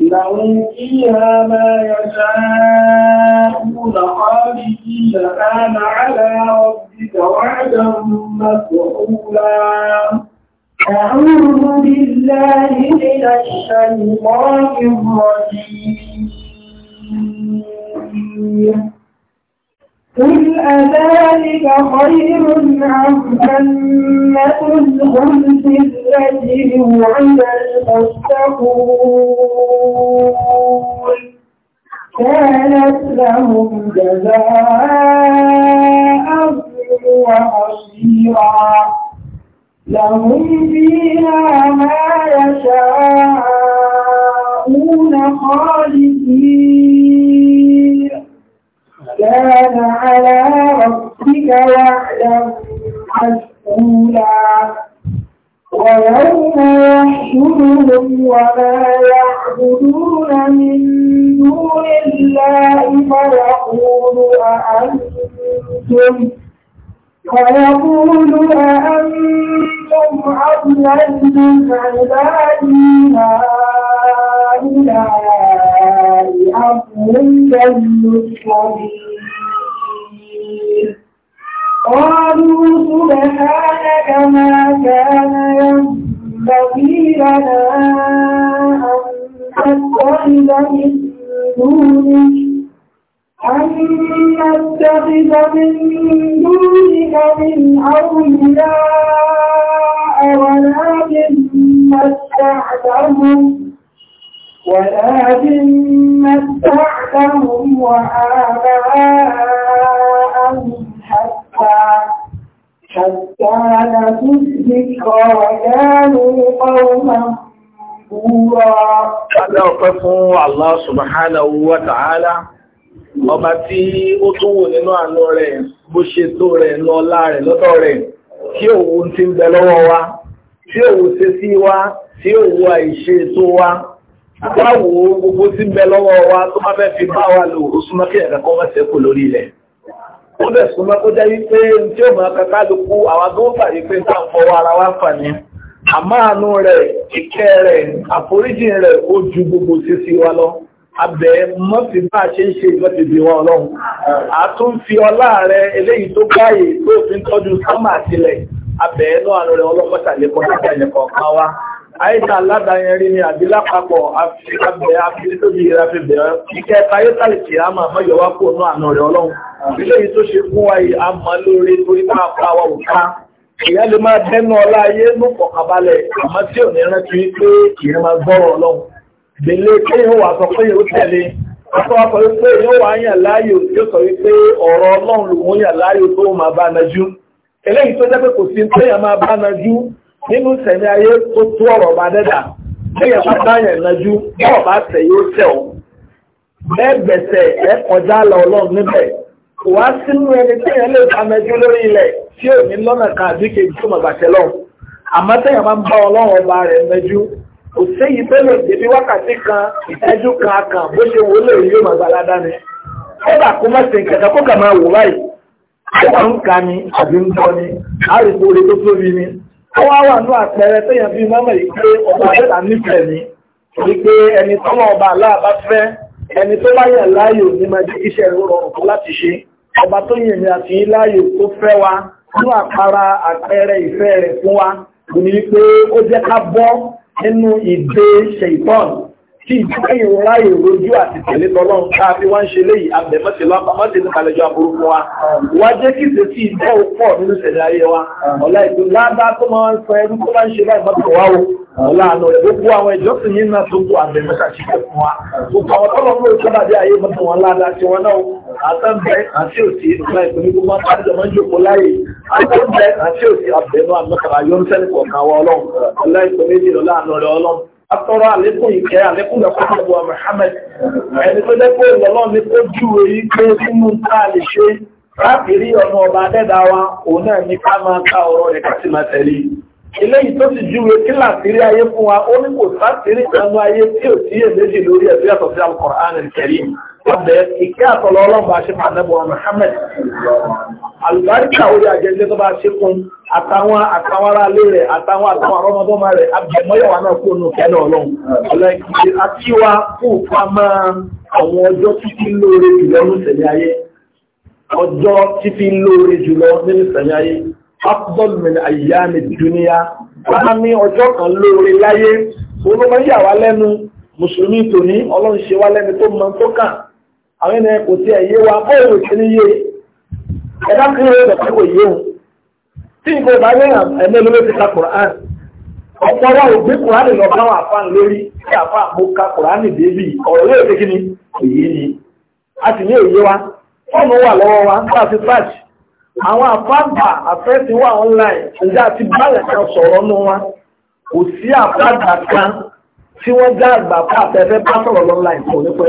لهم فيها ما يشاءون خالدين كان على ربك وعدا مفعولا أعوذ بالله من الشيطان الرجيم قل أذلك خير عم أنة الخلف التي وعد المستقون كانت لهم جزاء وعصيرا لهم فيها ما يشاءون خالدين كان على ربك وعدا مسؤولا ويوم يحشرهم وما يعبدون من دون الله فيقول أأنتم فيقول أأنتم أضللتم عبادي هؤلاء أقول المسلمين قالوا سبحانك ما كان ينبغي لنا أن نتخذ من دونك أن نتخذ من دونك من أولياء ولكن متعتهم ولكن متعتهم وآباءهم حتى حتى نسوا الذكر وكانوا قوما Adá ọpẹ́ fún Allah Subhanahu wa ta'ala, ọba tí ó tún wò nínú àánú rẹ̀, bó ṣe tó rẹ̀ lọ ọlá lọ́tọ̀ rẹ̀, tí òun ti ń bẹ lọ́wọ́ wa, tí òun ṣe sí wa, tí òun àìṣe tó wa, báwo gbogbo tí ń bẹ lọ́wọ́ wa tó bá fẹ́ fi bá wa lò ó súnmọ́ kí ẹ̀ka kọ́ mẹ́sẹ̀ kò lórí ilẹ̀ ó bẹ̀ súnmọ́ kó jẹ́ wípé tí ó máa kankan ló kú àwa tó ń fàyè pé tá à ń fọwọ́ ara wa fà ní àmọ́ àánú rẹ̀ ìkẹ́ rẹ̀ àforíjì rẹ̀ ó ju gbogbo sí sí wa lọ abẹ mọ́sí bá ṣe ń ṣe ìgbọ́tẹ̀bí wọn ọlọ́run a tún fi ọlá rẹ̀ eléyìí tó gbáyè tó fi ń tọ́jú sámà sílẹ̀ abẹ náà àánú rẹ̀ ọlọ́pọ̀tàlẹ́kọ̀ọ́ àìsàn aládàáyẹn rí ni àbí lápapọ̀ abẹ abẹ́tóbi ìrafẹ́bẹ̀ ìkẹ́ tayótàlì kì a máa mọ́yọ̀ wá kó nú àná rẹ̀ ọlọ́run ilé yìí tó ṣe fún wa yìí a mọ̀ lórí torí máa pa wa ò ká ìyá lè máa bẹ́nu ọlá ayé ní kọ̀kàbalẹ̀ àmọ́ tí ò ní rántí pé ìyẹn máa gbọ́rọ̀ ọlọ́run gbèlè pé yóò wà sọ pé yóò tẹ̀lé ọkọ̀ wa sọ wípé yóò wà yàn láàyò yóò sọ wípé ọ̀rọ̀ ọlọ́run lòun yàn láàyò tó máa bá nínú sẹ̀mí ayé tó tó ọ̀rọ̀ bá dẹ́dà lẹ́yìn bá báyẹ̀ lẹ́jú bọ́ọ̀ bá tẹ̀ yóò tẹ̀ ọ́ kọjá lọ ọlọ́run níbẹ̀ kò wá sínú ẹni tí lè lórí ilẹ̀ tí ò ní lọ́nà kan àbí kejì tó lọ àmọ́ máa ń bá ọlọ́run ọba rẹ̀ mẹjú kò séyìí bẹ́lẹ̀ débi wákàtí kan ìtẹ́jú kan kan bó ṣe wò lè yóò mọ̀gbà ládàáni ó bà kó má kẹ̀kẹ́ kó kà máa wò báyìí ń ka ni àbí ń gbọ́ ni ó wá wà ní àpẹẹrẹ téèyàn bíi mọ́mọ́ yìí pé ọba àbẹ́là nífẹ̀ẹ́ ni torí pé ẹni tọ́mọ ọba aláàbá fẹ́ ẹni tó bá yàn láàyò ní máa jẹ́ iṣẹ́ ìró rọrùn fún láti ṣe ọba tó yàn ní àti láàyò tó fẹ́ wa ní àpara àpẹẹrẹ ìfẹ́ rẹ̀ fún wa kò ní wípé ó jẹ́ ká bọ́ nínú ìdè ṣèitọ́nù tí ìdíkẹ́ ìrora ìrojú àti tẹ̀lé tọ́lọ́run káàbí wọ́n ń ṣe léyìí abẹ̀mọ́sẹ̀lọ́ àpamọ́sẹ̀ ní kàlẹ́jọ́ àbúrúkú wa wá jẹ́ kí ìṣe tí ìdíkẹ́ pọ̀ nínú ìṣẹ̀lẹ̀ ayé wa ọ̀la ìlú ládá tó máa ń sọ ẹnu tó bá ń ṣe láì mọ́tò wá o ọ̀la àná gbogbo àwọn ìjọsìn yìí náà tó kó abẹ̀mọ́sẹ̀ ṣiṣẹ́ fún wa gbogbo àwọn tọ́lọ́ atọ́rọ àlékún ìkẹ́ àlékún lẹ́kọ́kọ́ Muhammad ẹni tó lẹ́kọ́ ìlọ́lọ́ ní kó júwe yí pé sínú tá a lè ṣe ráàpìrí ọmọ ọba dẹ́dà wa òun náà ní ká máa ká ọ̀rọ̀ rẹ̀ ká sì máa tẹ̀lé eléyìí ọbẹ̀ ìkẹ́ àtọ̀lọ́ ọlọ́pàá ṣe máa lẹ́bọ̀ Muhammad alùbáríkà orí àjẹjẹ tó bá ṣe fún àtàwọn àtàwọn ará ilé rẹ̀ àtàwọn àtàwọn ọmọdọ́mọ rẹ̀ abẹ̀mọ́yàwó náà kó nù kẹ́lẹ̀ ọlọ́run ọlọ́ìkìlẹ̀ àti wá fún ìfàmà àwọn ọjọ́ títí lóore jùlọ ní ìṣẹ̀lẹ̀ ayé ọjọ́ títí lóore jùlọ ní ìṣẹ̀lẹ̀ ayé afdal min ayyami dunya wọ́n ní ọjọ́ kan lóore ọlọ́run ṣe àwọn ènìyàn kò tiẹ̀ yé wa bóòlù tí ní yé ẹ̀dá kí ló lọ sí kò yé o tí nǹkan ìbá yẹn ẹ̀mí olóògbé ti ka Kùránì ọ̀pọ̀ wa ò gbé Kùránì lọ báwọn àfáàn lórí tí àfáà mo ka Kùránì débì ọ̀rọ̀ yóò dé kí ni kò yé ni a sì ní òye wa fọ́ọ̀mù wà lọ́wọ́ wa nígbà tí fáàjì àwọn àfáàgbà àfẹ́sí wà online ǹjẹ́ àti báyẹ̀ kan sọ̀rọ̀ nù wa kò sí àfáàgbà kan tí wọ́n já àgbà fún àfẹ́fẹ́ bá sọ̀rọ̀ online kò ní pẹ́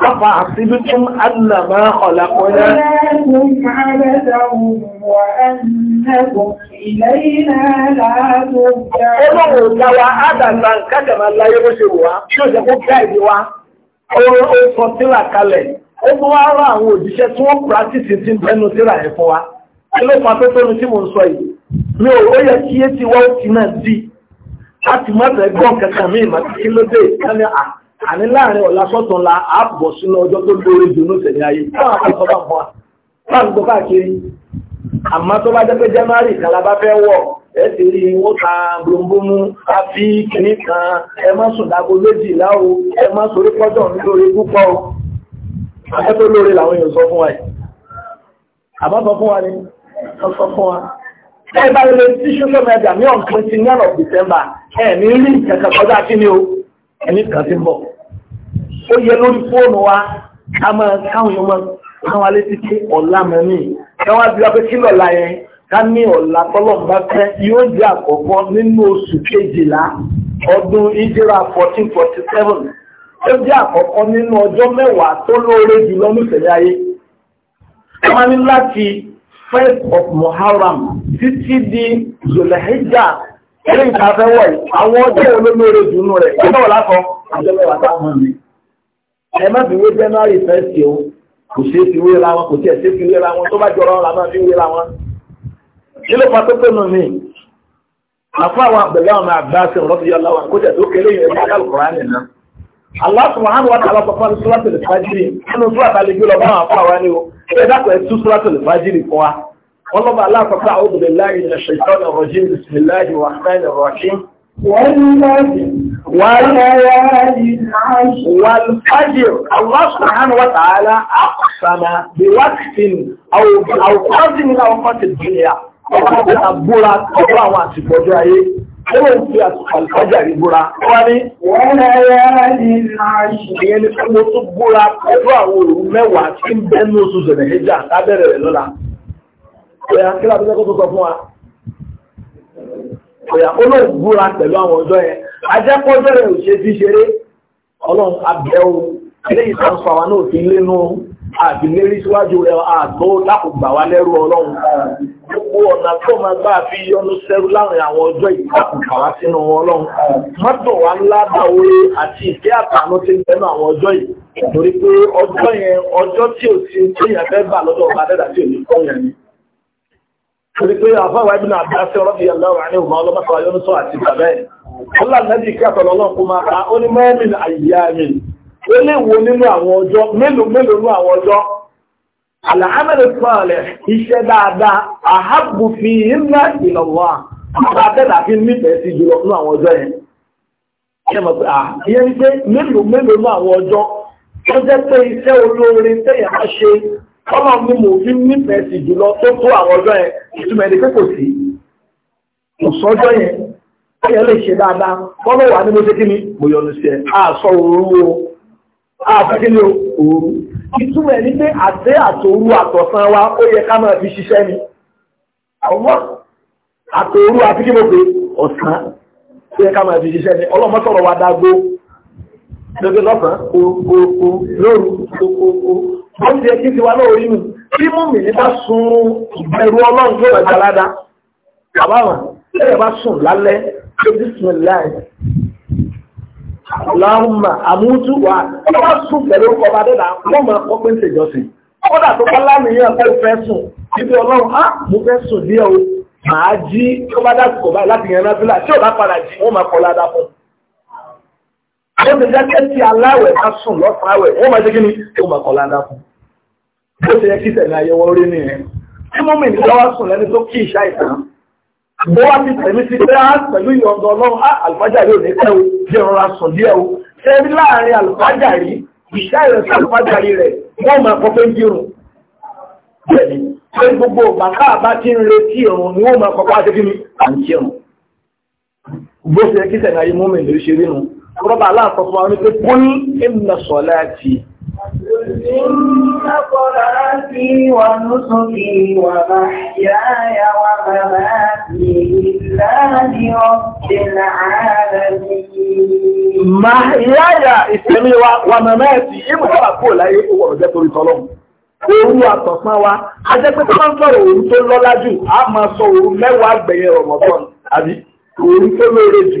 Afa àṣíbítún annàmá ọ̀làkọ́lá. Ọlọ́run dáwà ádàgbà kádàmà láyé bó ṣe wà, tí ó jẹ́ kó gáìdì wá, oòrùn ó sọ tíra kalẹ̀. Ó mú wá rán àwọn òjíṣẹ́ tí wọ́n pàtìsì ti bẹnu tíra ẹ̀ fún wa. Ẹlọ́pàá tó tónu tí mo ń sọ yìí. Mi ò ó yẹ kí é ti wá ti náà di. A mọ́tẹ̀ gbọ́n kankan mí ìmọ̀ kí ló dé ìtẹ́lẹ̀ àti àní láàrin ọ̀la sọ́tún la àbọ̀ sínú ọjọ́ tó lórí dùnú tẹ̀lé ayé táwọn akẹ́kọ̀ọ́ bá fọ́ wa láti káàkiri àmọ́ tó bá jẹ́ pé January kan fẹ́ wọ̀ ẹ ti rí wọ́n ta àfi kìíní kan ẹ má sùn dáko méjìlá o ẹ má sorí pọ́jọ́ nítorí púpọ̀ ẹ tó lórí làwọn èèyàn sọ fún wa yìí àmọ́ sọ fún wa ni wọ́n sọ fún wa ẹ bá lè tí social media ní on twenty nine of December ẹ ní rí ìkẹ̀kẹ̀ kọjá kí ni o ẹni kan ti ń bọ̀ ó yẹ lórí fóònù wa ká mọ káwọn èèyàn mọ káwọn alẹ́ ti ké ọ̀la mọ́ mi káwọn abiyá pé kí lọ́la yẹn ká ní ọ̀la tọ́lọ̀ bá fẹ́ yóò jẹ́ àkọ́kọ́ nínú oṣù kejìlá ọdún ìjírà 1447 ó jẹ́ àkọ́kọ́ nínú ọjọ́ mẹ́wàá tó lóore jùlọ nífẹ̀ẹ́ ayé wọ́n ní láti first of Muharram títí di Zulhijja eré ìtafẹ́wọ̀ àwọn ọjọ́ olóore jùlọ rẹ̀ ọjọ́ wọ̀ lákọ̀ọ́ ọjọ́ mẹ́wàá táwọn mi ẹ má fi wé January first o kò ṣeé fi wéra wọn kò tiẹ̀ ṣeé fi wéra wọn tó bá jọra wọn làwọn fi wéra wọn. kí ló fa tó tó nù mí? àfọ àwọn àgbẹ̀lẹ́ ọmọ àgbà ṣe ń rọ́bì yọlá wọn kó tẹ̀ tó kéré yẹn ní Al-Qur'an nìyẹn náà. Allah subhanahu wa ta'ala sọ fún Suratul Fajiri nínú Suratul Alẹ́gbẹ́ lọ bá àwọn afọ àwa ni o. Ṣé dákọ̀ ẹ tú Suratul Fajiri fún wa? Wọ́n lọ́ba aláàfọ́fọ́ a'udhu billahi minash shaitanir rajim bismillahir rahmanir rahim. Wọ́n ní láti والفجر الله سبحانه وتعالى أقسم بوقت أو أو قرض من أوقات الدنيا ọ̀pọ̀lọpọ̀ àbúra ọ̀pọ̀ àwọn àsìkò ọjọ́ ayé ó ń fi àsìkò àlùfájà rí búra wá ní wọ́n rẹ̀ ní ìyẹn ni fún mo tún búra pẹ̀lú àwọn òru mẹ́wàá tí ń bẹ́nu oṣù zẹ̀rẹ̀ níjà lábẹ́rẹ̀ lọ́la. ọ̀yà kí ọ̀yà olóhùn búra pẹ̀lú àwọn ọjọ́ yẹn ajẹ́kọ́jọ́ rẹ̀ ò ṣe fi ṣeré ọlọ́run abẹ́ o eléyìí tó ń sọ àwọn náà fi lénu àbílérí síwájú rẹ̀ àtó lákògbà wá lẹ́rú ọlọ́run gbogbo ọ̀nà tó máa gbà fi yọnu sẹ́rú láàrin àwọn ọjọ́ ìgbàkùnkà wá sínú ọlọ́run mọ́tò wa ńlá dáwọ́lé àti ìfẹ́ àtàánú ti ń bẹnu àwọn ọjọ́ yìí torí pé ọjọ́ yẹn ọjọ́ tí ò sí tí èèyàn fẹ́ bà lọ́dọ̀ ọba dẹ́dà tí ò ní kọ́ yẹn ni. torí pé àfáwà ibi náà dá sí ọlọ́bì aláwọ̀ ní ọmọ ọlọ́mọ́sọ ayọ́nùsọ àti bàbẹ́ ọlá nẹ́bí kẹfẹ́ lọ́lọ́kún máa ká ó ní mẹ́rin àyíyáàmì ó lè wo nínú àwọn ọjọ́ mélòó mélòó nínú àwọn ọjọ́ àlàámẹ́rin sọ̀rọ̀ iṣẹ́ dáadáa àhábù fi kọ́lọ̀ ni mo fi nífẹ̀ẹ́ sí jùlọ tó tó àwọn ọjọ́ yẹn ìtumọ̀ ẹni pé kò sí kò sọ́jọ́ yẹn ẹ̀yẹ lè ṣe dáadáa kọ́lọ̀ wà ní mo ṣe kí ni mo yọnu sí ẹ àṣọ òru o àṣọ kí ni òru ìtumọ̀ ẹni pé àdé àtòru àtọ̀sán wa ó yẹ ká máa fi ṣiṣẹ́ ni àwọn àtòru àti kí mo pè ọ̀sán ó yẹ ká máa fi ṣiṣẹ́ ni ọlọ́mọ sọ̀rọ̀ wa dágbó lọ́sàn-án ó ti ẹkí ti wá lóorí mi tí mú mi nípa sun ìbẹ̀rù ọlọ́run tó wẹ̀ta ládá àbáwọn tẹ́lẹ̀ bá sùn lálẹ́ tó ti sùn láì láhùnmá àmútú wà tó bá sùn pẹ̀lú orúkọ bá dẹ́dà wọ́n máa kọ́ pé ń ṣèjọsìn kódà tó bá lánìyàn pé fẹ́ sùn níbi ọlọ́run á ah, mo fẹ́ sùn díẹ̀ o màá jí tó bá dásìkò báyìí láti yẹn náà fílà tí ò bá padà jí wọ́n máa kọ́ ládá fún un ó ti jẹ́ tí aláwẹ̀ bá sùn lọ́sàn-án àwẹ̀ wọ́n máa jẹ́ kí ni ó máa kọ̀ ládá fún ó ti yẹ kí tẹ̀lé ayẹwo orí ní ẹ̀ tí mú mi nígbà wá sùn lẹ́ni tó kí ìṣá ìtàn bó wá ti tẹ̀mí sí pé á ah, pẹ̀lú ìyọ̀ǹda ọlọ́run á ah, àlùfájà yóò ní pẹ́ o jẹ́ rọra sùn díẹ̀ o ṣe rí láàrin àlùfájà rí ìṣá ìrẹsì àlùfájà rí rẹ̀ wọ́n máa kọ́ pé ń dírun bẹ́ẹ̀ni pé gbogbo bàtà bá ti ń retí ìrùn ni wọ́n máa kọ́ pé á kí ni à ń kírun bó ṣe kí tẹ̀lé ayé mú mi lè ṣe rí nu rọ́bà aláàkọ́ fún wa ní pé kún ìmìnà sọ̀lá ti. Màáyáyà ìsẹ̀mí wa wà mẹ́mẹ́ ẹ̀tì, ìmú Òru àtọ̀pá wa, a jẹ́ pé tó máa ń sọ̀rọ̀ òru tó lọ́lá jù, a máa sọ òru mẹ́wàá gbẹ̀yẹ Ramadan, àbí òru tó lóore jù,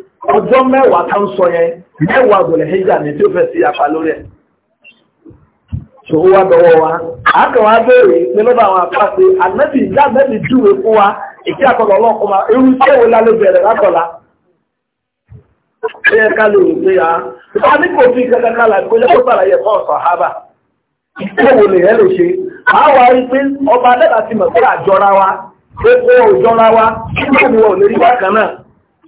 ọjọ́ mẹ́wàá tán sọ yẹn mẹ́wàá gbọ̀lẹ̀ hijab ní tí ó fẹ́ sí apá lórí ẹ̀ tó wá dọwọ́ wa àkànwá béèrè pé àwọn apá pé ànábì ìjà júwe fún wa ìkí àkọlọ ọlọ́kùnmá bẹ̀rẹ̀ ká lè rò pé ní kò fi kankan yẹ kó ọba mọ̀ pé wa pé kó wa kí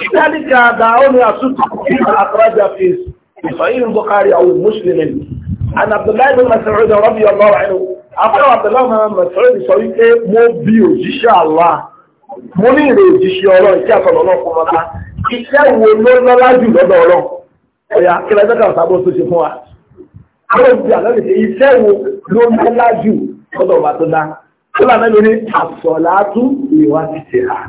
لذلك دعوني أصدق فيما أخرج في صحيح البخاري أو مسلم عن عبد الله بن مسعود رضي الله عنه أقول عبد الله بن مسعود صحيح مو بيو جيش الله mo ní ìrè òjíṣẹ́ ọlọ́ iṣẹ́ àtọ̀lọ́ náà fún ọlá iṣẹ́ wo ló lọ́lá jù lọ́dọ̀ ọlọ́ ọ̀yà kílẹ̀ ẹgbẹ́ kan sábọ́ tó ṣe fún wa àwọn ìdí àlọ́lẹ̀ ṣe iṣẹ́ wo ló lọ́lá jù lọ́dọ̀ ọba tó dá tó lànà lórí àsọ̀látú ìwà ti ṣe hàn.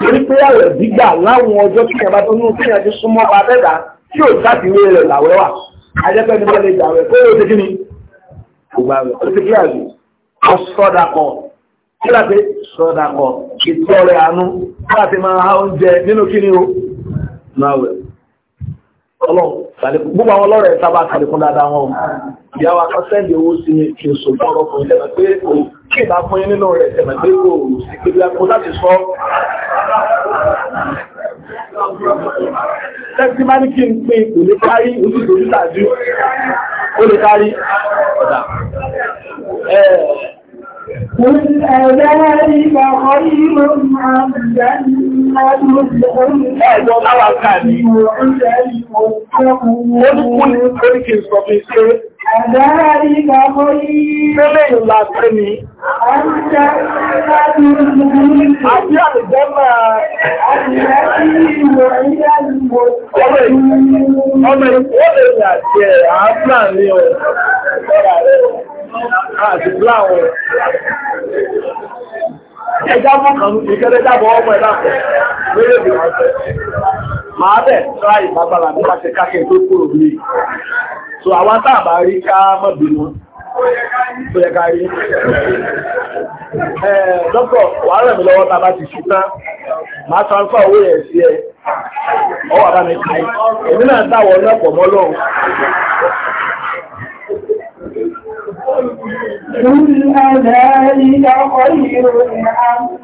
torí pé àwẹ̀ gbígbà láwọn ọjọ́ tí ìyàbá tó nínú kíyàn ti súnmọ́ bá bẹ́ẹ̀dá tí ò jáde rẹ̀ làwẹ́ wà ajẹ́pẹ́ ní wọ́n lè jà rẹ̀ kó o ti kí ni gbogbo àwẹ̀ ó ti kí àgbè ọ sọ́dà kọ̀ kí láti sọ́dà kọ̀ ìtọ́rẹ̀ àánú láti máa ha oúnjẹ nínú kí ni o máa wẹ̀ gbogbo àwọn ọlọ́rẹ̀ sábà kàlẹ̀kún dáadáa wọn ìyá wa kan sẹ́ndì owó sí ní kí n sọ fún fún ìtẹ̀mẹ̀ pé kò kí ìbá fún yín nínú rẹ̀ tẹ̀mẹ̀ pé kò sí pé bí akọ láti sọ. tẹ́sí máa ní kí n pín kò lè kárí ojú قل أذلك خير عن جنة الخلد Àdáríkà mọ́rí mẹ́lẹ̀ ìlà tẹ́ni. Àríkà àti àrìjẹ́ máa àrìjẹ́ sí ìwọ̀ ilẹ̀ ìwọ̀ ọmọ ìwọ̀n lè rà jẹ́ àápàá ní ọ̀rọ̀ rẹ̀. àdìgbò ẹja mú kan ní kẹ́lẹ́ dábọ̀ ọmọ ẹ̀dá lórí èdè ọ̀sẹ̀ máa bẹ̀ tọ́ ìfagbára ní láti kákẹ́ tó kúrò ní so àwọn táàbà rí ká mọ̀ bínú tó yẹ ká rí dọ́kọ̀ wàá rẹ̀ mí lọ́wọ́ tá ti ṣú tán máa transfer owó yẹn sí ẹ ọwọ́ àbá mi kàn èmi náà dáwọ̀ ọlọ́pọ̀ mọ́ lọ́hùn قل أذلك خير أم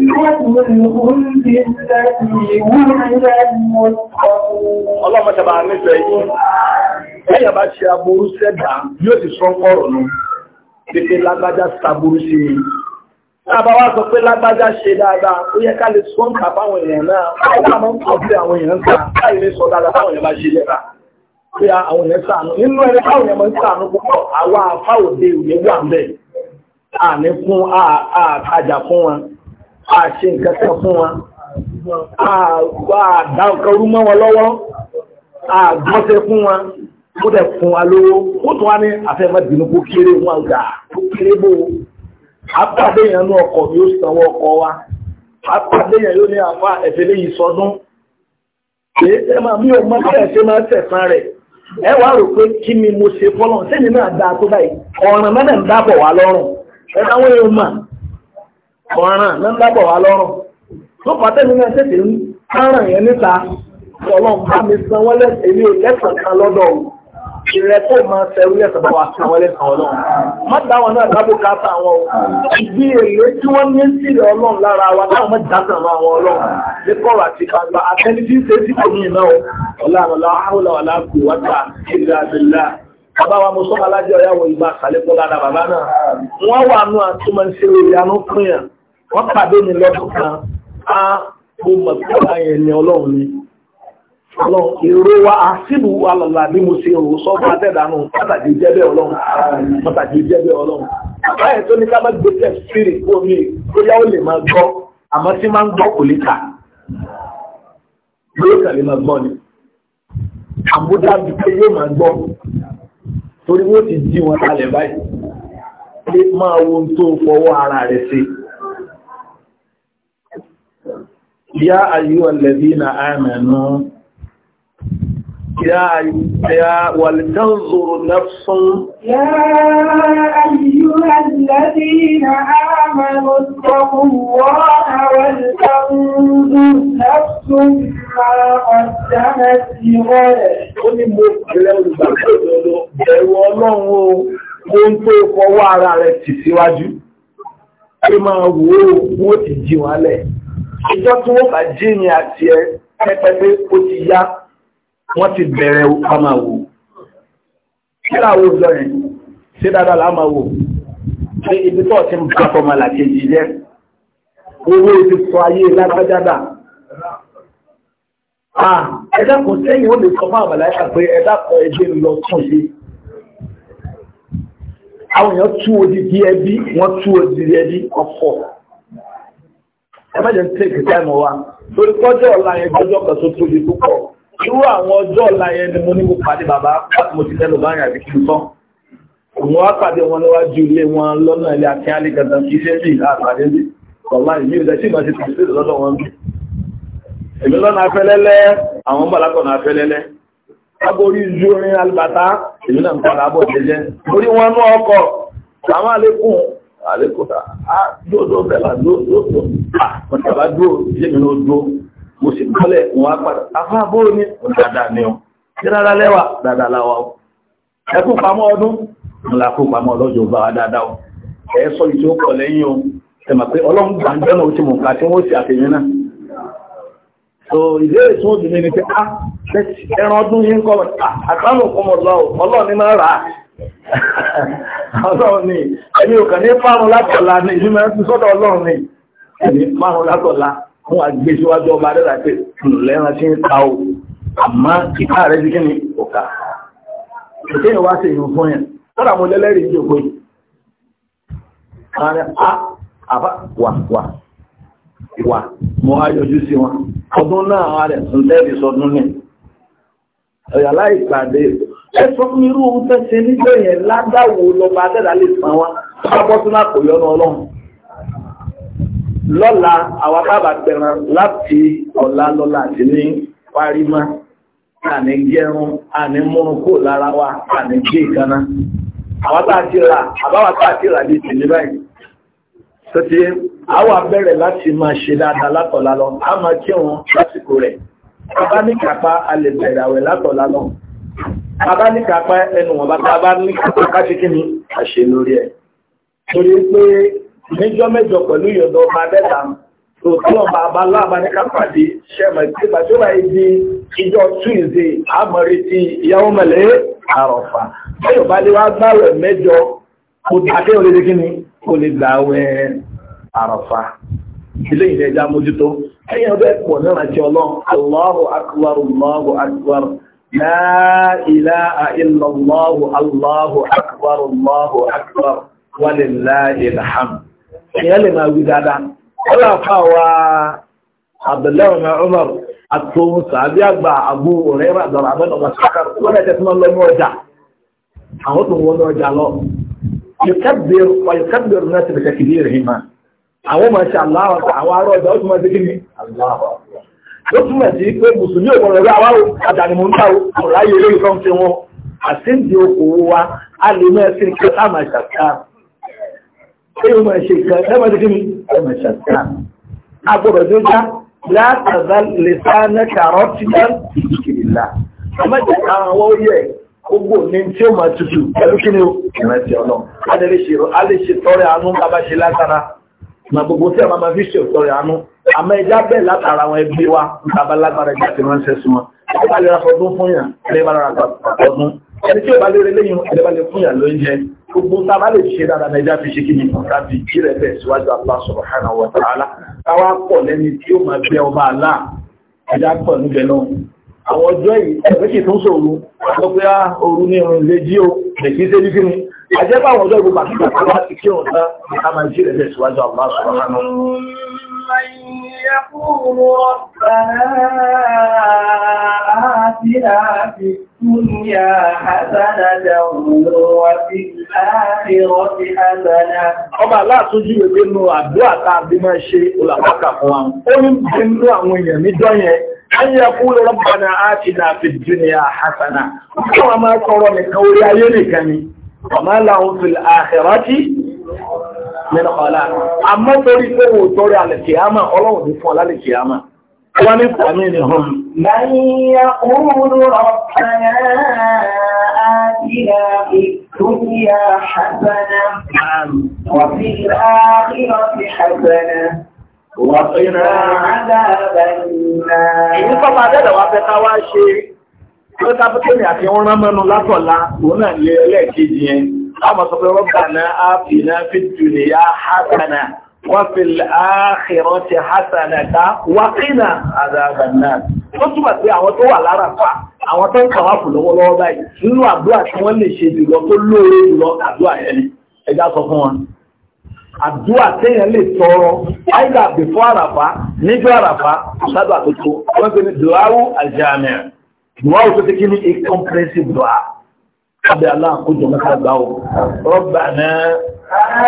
الخلد الذي وعد المتقون اللهم تبع مثل ẹ̀yà bá ṣe aburú sẹ́dà yóò ti sọ fọ́rọ̀ nù pípé lágbájá sàbúrú sí i àbá wá sọ pé lágbájá ṣe dáadáa ó yẹ ká lè sọ́ǹkà fáwọn èèyàn náà ó kà mọ́ ọ̀bí àwọn èèyàn ń ta láì pé àwọn èèyàn sàánú nínú ẹni káwọn èèyàn máa ń sàánú púpọ̀ àwa àfáwòdé òye wà ń bẹ̀ àní fún àtajà fún wọn àṣe nǹkan kan fún wọn àdá nǹkan orú mọ́ wọn lọ́wọ́ àgbọ́sẹ̀ fún wọn ó dẹ̀ fún wa lówó ó tún wá ní àfẹ́mọ́dínú kó kéré wọn gà tó kéré bò ó apàdé yẹn ní ọkọ̀ yóò sanwó ọkọ̀ wa apàdé yẹn yóò ní àfa ẹ̀fẹ́lẹ́ yìí sọdún èyí tẹ́ máa mí ò mọ́ bẹ́ẹ̀ ṣe máa tẹ̀sán rẹ̀ ẹ wá rò pé kí ni mo ṣe fọ́lọ̀ sẹ́ni náà dáa tó báyìí ọ̀ràn mẹ́rin ń dábọ̀ wá lọ́rùn ẹ táwọn èèyàn mà ọ̀ràn náà ń dábọ̀ wá lọ́rùn ló pàtẹ́ mi náà tètè ń káràn yẹn níta ọlọ́run bá mi san wọ́n lẹ́sẹ̀ ilé ẹ̀sán kan lọ́dọ̀ ọ̀hún ìrẹ́pọ̀ máa tẹ̀wé ẹ̀sẹ̀ bá wa sáwọn ẹlẹ́sàn ọlọ́run. Má dá wọn náà lábò ká àwọn o. Ìgbé tí wọ́n ní sílẹ̀ ọlọ́run lára wa táwọn mọ̀ dásàn àwọn ọlọ́run. Ní kọ́rọ̀ àti kàgbà àtẹni tí ń ṣe sí kò ní iná o. Ọlọ́run la hawla wala quwwata illa ìgbà àkàlẹ́kọ̀ lára bàbá náà. Wọ́n wà nù àtúmọ̀ ṣe ìyanu fún yàn. Wọ́n pàdé mi lọ́dún kan. Á mo mọ̀ pé ọ̀la yẹn ni ọlọ́run ni lọ èrò wa àṣìbù alọ̀lá bí mo ṣe rò sọ́gbọ́n àtẹ̀dánù pàtàkì jẹ́bẹ̀ ọlọ́run pàtàkì jẹ́bẹ̀ ọlọ́run báyẹ̀ tó ní ká bá gbé tẹ̀ spirit kú omi bóyá ó lè máa gbọ́ àmọ́ tí máa ń gbọ́ kò lè kà bóyá lè máa gbọ́ ni àbúdá bí pé yóò máa gbọ́ torí wọ́n ti jí wọn kalẹ̀ báyìí pé máa wo ohun tó fọwọ́ ara rẹ̀ ṣe yá ayé ọ̀lẹ́bí na àmì náà يا يا ولتنظر نفس يا أيها الذين آمنوا اتقوا الله ولتنظر نفس ما قدمت لغد قل مبلغ بكذلو ẹ̀wọ̀ ọlọ́run ohun tó fọwọ́ ara rẹ̀ tì síwájú ẹ máa wò ó wọ́n ti jí wọn lẹ̀ ìjọ tí wọ́n bá jí ni àti ẹ pẹ́pẹ́ pé ó ti yá wọ́n ti bẹ̀rẹ̀ ọmọ wò kíra wo lọ yẹn ṣé dáadáa là máa wò ṣé ibi tó ti ń bá tọmọ làkejì jẹ owó ti sọ ayé lágbájádà ẹ̀dá kan sẹ́yìn ó lè sọ fún àmàlàyà pé ẹ̀dá kan ẹgbẹ́ lọ tún sí àwọn èèyàn tú odidi ẹbí wọ́n tú odidi ẹbí ọ̀fọ̀ ẹ má jẹ́ ń tẹ̀kì táìmù wa torí kọjọ́ ọ̀la yẹn kọjọ́ kan tó tóbi púpọ̀ irú àwọn ọjọ́ ọ̀la yẹn ni mo ní mo pàdé bàbá láti mo ti tẹ́lò báyìí àti kí n tán òun wá pàdé wọn níwájú ilé wọn lọ́nà ilé akínyálé gangan kí iṣẹ́ sì àpàdé bí ọ̀la ìlú ìdẹ tí ìmọ̀sí ti sílẹ̀ lọ́dọ̀ wọn bí èmi lọ́nà afẹ́lẹ́lẹ́ àwọn bàlákọ̀nà afẹ́lẹ́lẹ́ láborí ju orin alùbàtà èmi náà ń padà mo sì kọ́lẹ̀ wọn á padà afá bóò ní dáadáa ni ọ tí rárá lẹ́wà dáadáa láwa ọ ẹkùn pamọ́ ọdún ńlá kó pamọ́ ọlọ́jọ́ bá wa dáadáa ọ ẹ sọ ìṣó kọ lẹ́yìn o tẹ̀mà pé ọlọ́run gbàǹjọ́ náà ó ti mọ̀ nǹkan tí wọ́n sì àtẹ̀yìn náà so ìbéèrè tí wọ́n dùn mí pé a ah, ẹran ọdún yìí ń kọ́ àtàlù kọ́ mọ̀ lọ́wọ́ ọlọ́run ní máa rà á ọlọ́run ni ẹni ò kàn ní márùn látọ̀la ni ìlú mẹ́rin sọ́dọ̀ ọlọ́run ni ẹni márùn látọ̀la wọ́n àgbé síwájú ọba rẹ̀rà pé hmm, lẹ́ran tí ń ta o àmá ìká rẹ̀ sí kíni ọ̀ká ìkéyàn wá sí ìrùn fún yẹn tọ́rà mo lẹ́lẹ́rìí jòkó yìí ààrẹ a àbá wà wà wà mo ayọjú sí wọn ọdún náà ààrẹ ń tẹ́lì sọdún ní ọ̀yà láì pàdé ẹ sọ fún irú ohun tẹ́sí nígbẹ̀yẹn ládáwò lọ́ba adẹ́rà lè san wa bá bọ́ sínú àpòyọ́nù ọlọ́run lọ́la àwọn bàbá gbẹ̀ràn láti ọ̀la lọ́la àti ní parímá àní gẹrun àní múrun kò lára wa àní gbé ìkaná àwọn aba ti rà àbáwá bá ti rà ní ìtìlẹ̀ báyìí tó ti àwọn abẹ́rẹ̀ láti máa ṣe dáadáa látọ̀la lọ a máa wọn lásìkò rẹ̀ ní kápá a lè bẹ̀rẹ̀ àwẹ̀ látọ̀la lọ bàbá ní kápá ẹnu wọn bàbá ní kápá káṣíkí ni àṣẹ lórí ẹ̀ torí pé níjọ́ mẹ́jọ pẹ̀lú ìyọ̀dọ̀ ọba abẹ́ta tó tọ́lọ̀ bàbá láàbá ní kápàdé ṣẹ́mọ̀ tí bàjọ́bà ibi ìjọ túnzé àmọ̀rí ti ìyàwó mẹ́lẹ̀ àrọ̀fà báyọ̀ bá lè wá gbáwẹ̀ mẹ́jọ kò tàbí olè kí ni kò lè gbàwẹ̀ àrọ̀fà ilé ìdẹ̀ ìjà mójútó ẹ̀yìn ọdọ́ ẹ̀pọ̀ náà ti ọlọ́run Allahu akbar Allahu akbar la ilaha Allahu akbar Allahu akbar walillahi alhamd èèyàn lè máa wí dáadáa ó là fà wá Abdullahi ọmọ Umar àtòun sàbí àgbà àbú ọ̀rẹ́ àdọ̀rọ̀ àbẹ́nà ọmọ sàkàrà wọ́n ẹ̀jẹ̀ tí lọ ní ọjà na tó ń wọ́n ní ọjà lọ yòkàbìrì náà ti bẹ̀rẹ̀ kìdí rẹ̀ hìmá àwọn máa ṣe aláwọ̀ àwọn ará ọjà ni a ẹ̀yìn mọ̀ ṣe kan ẹ̀mọ̀ ṣe kíni ẹ̀mọ̀ ṣe kan agbọ̀rọ̀ tó já látàzá lè sá ní kàrọ́ ti dá ìkìlá ọmọ jẹ́ àwọn oyè gbogbo ní tí ó máa tutù pẹ̀lú kíni o ìrántí ọ̀nà a lè ṣe a lè ṣe tọrẹ àánú bàbá ṣe látara mà gbogbo tí a máa fi ṣe tọrẹ àánú àmọ́ ẹja bẹ́ẹ̀ látara àwọn ẹbí wa bàbá lágbára ẹja ti ránṣẹ́ sí wọn ẹ bá lè ra ọdún fún yàn ẹ bá lè ra ọdún ẹni tí ó bá lè gbogbo tá a bá lè ṣe dáadáa nàìjíríà fi ṣe kí ni ìgbà fi jí rẹ̀ bẹ̀ síwájú Allah subhanahu wa ta'ala káwá pọ̀ lẹ́ni tí ó máa bẹ ọba àlá ẹ̀dá pọ̀ níbẹ̀ náà àwọn ọjọ́ yìí ẹ̀fẹ́kì tó ń sòrò wọ́n pé ooru ah, ní irun ilé jí o lèkí sí ní kíni àjẹ́bà àwọn ọjọ́ ìgbò pàtàkì من يقول ربنا آتنا في الدنيا حسنة وفي الآخرة حسنة ọba aláàtúnjú ìwé nù àdúrà tàbí máa ṣe olàpákà fún àwọn ó ní bínú àwọn èèyàn ní dọ́yẹn an yà rọ́bàna àti nàfi dúnìyà hasana wọ́n máa sọ̀rọ̀ nìkan orí ayé nìkan ni ọ̀má láhùn fìlà àkẹ́rọ́tì nínú ọ̀la àmọ́ torí pé wò tọrẹ alẹ́ kìámà ọlọ́run ní fún ọ lálẹ́ kìámà wọ́n ní fàmí ni hàn. Báyìí ọkùnrin ọ̀pẹ̀yà àdìyà ìtúnyà ṣàbẹ̀nà. Wàfí àkírọ̀ ti ṣàbẹ̀nà. Wàfínà àdàbẹ̀nà. Èyí sọ́ba Adẹ́dẹ̀ wá fẹ́ ká wá ṣe. Lọ́ta a masu kai rabba na afi na fitu ne ya hasana wafil akhirati hasanata wa qina azaban nar ó túmọ̀ sí àwọn tó wà lára pa àwọn tó ń kà wá fún lọ́wọ́lọ́wọ́ lè tọrọ àìgbà bìfọ́ àràfà níjọ́ àràfà sábà tó wọ́n pe ní dùwáwù àjàmẹ́ dùwáwù tó ti kí ní incomprehensible dùwà abẹ́ aláàkójọ mẹ́ta gbà ó rọ́bàná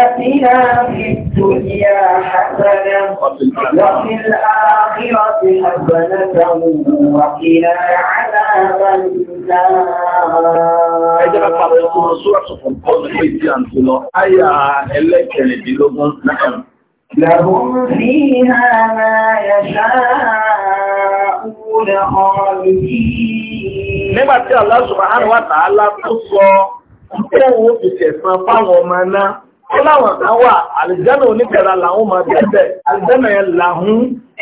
Àtìlá fi dúnyà àtàrà wàfílá àkírọ̀tì àgbàlá tàwọn wàkílá àlàáfà nìlá. Ẹjẹ́ bá pàdé ọkùnrin sórí àṣọ̀fọ̀ bọ́ọ̀lù pé ìdí àǹtí lọ, àyà ẹlẹ́kẹrìndínlógún náà. لهم فيها ما يشاءون خالدين nígbà tí Allah subhanahu wa ta'ala tó sọ ìtẹ́wò ìṣẹ̀sán fáwọn ọmọ náà ó láwọn kan wà àlìjánà oníkẹ̀rà làwọn máa bẹ̀rẹ̀ àlìjánà yẹn làhún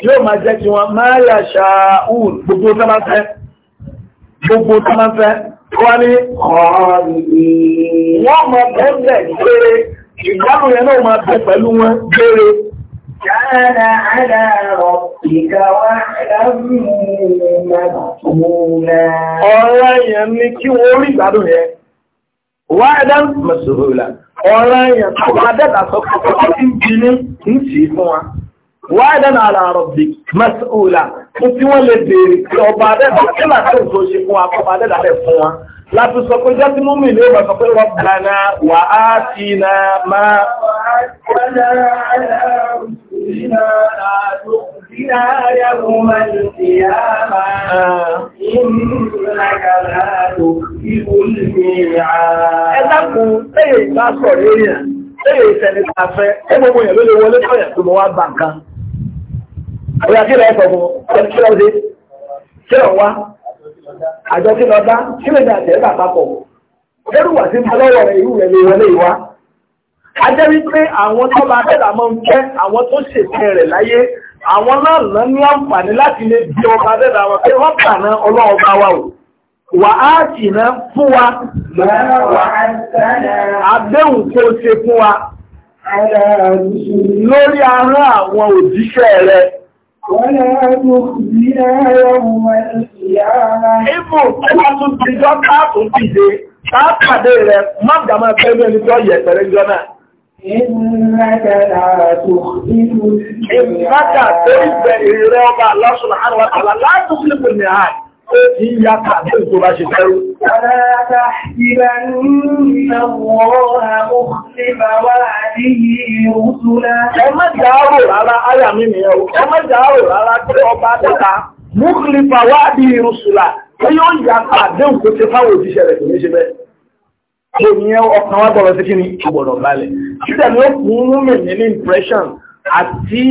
yóò máa jẹ́ kí wọ́n máa yà ṣááù gbogbo tó máa fẹ́ gbogbo tó máa fẹ́ wọ́n ní wọ́n máa bẹ̀rẹ̀ gbére ìgbàlù yẹn náà máa bẹ̀ pẹ̀lú wọn gbére كان على ربك وعلا مكتولا ọ̀rọ̀ yẹn ni kí wọ́n rí ìgbádùn yẹn wáyé mẹ́sùlùmí ọ̀rọ̀ yẹn tó bá dẹ́ta sọ kọ́kọ́ tí ń bí ní ń sì fún wa wáyé ala rabbik mẹ́sùlùmí fún tí wọ́n lè béèrè pé ọba dẹ́ta kí láti òṣò ṣe fún wa kọ́ba dẹ́ta lẹ̀ fún wa láti sọ pé jẹ́ tí mi lè bàtọ̀ pé wọ́n gbàna wà á ti na máa تخزنا لا تخزنا يوم القيامة إنك لا تخزب الميعاد ẹ̀dàkùn ẹ̀yẹ ìgbà sọ̀rọ̀ èèyàn ẹ̀yẹ ìṣẹ̀lẹ̀ àfẹ́ ẹgbogbo èèyàn ló lè wọlé tọ́yẹ̀ tó mọ́ wá gbà nǹkan ọ̀yà kí lọ ẹ̀kọ̀ fún ọ̀yà kí lọ sí kí lọ wá àjọ kí lọ dá kí lè dà tẹ̀ ẹ́ bà papọ̀ ẹrù wà sí ọlọ́wọ́ rẹ̀ irú rẹ̀ lè wọlé ìwá a jẹ́ wípé àwọn tó bá tẹ́lá mọ́ ń fẹ́ àwọn tó ṣètẹ́ rẹ̀ láyé àwọn náà lọ ní àǹfààní láti lè bí ọba tẹ́lá wọn pé wọ́n kà ná ọlọ́run bá wà o wà á sì ná fún wa àdéhùn tó ṣe fún wa lórí ara àwọn òjíṣẹ́ rẹ̀. Ibù ọba tún ti jọ káàtó dìde, káàpàdé rẹ̀ má dàmà pẹ́lú ẹni tó yẹ̀ pẹ̀lú ìjọ náà. Ìnnẹ́kẹ̀ lára tó nínú ìgbàkà tó ìgbẹ̀ ìrẹ́ ọba lọ́sùn àwọn àtàlà látún sílùkù ní àà ó ti ń yàtà tó ìtò bá ṣe tẹ́rù. Àrẹ́ta ìgbà ní àwọn ọ̀rọ̀ ṣe bá wà ní ìrúsúlá. Ẹ má dáàrò rárá, áyà mi ẹ má dáàrò rárá tí ọba dáta, múkìlì bá wà ní ìrúsúlá, yóò yàtà àdéhùn kó ṣe fáwọn òjíṣẹ́ rẹ̀ ìyẹn ọkàn wá gbọ́dọ̀ sí kí ni gbọ́dọ̀ balẹ̀ títẹ̀ ló fún women ní impression àti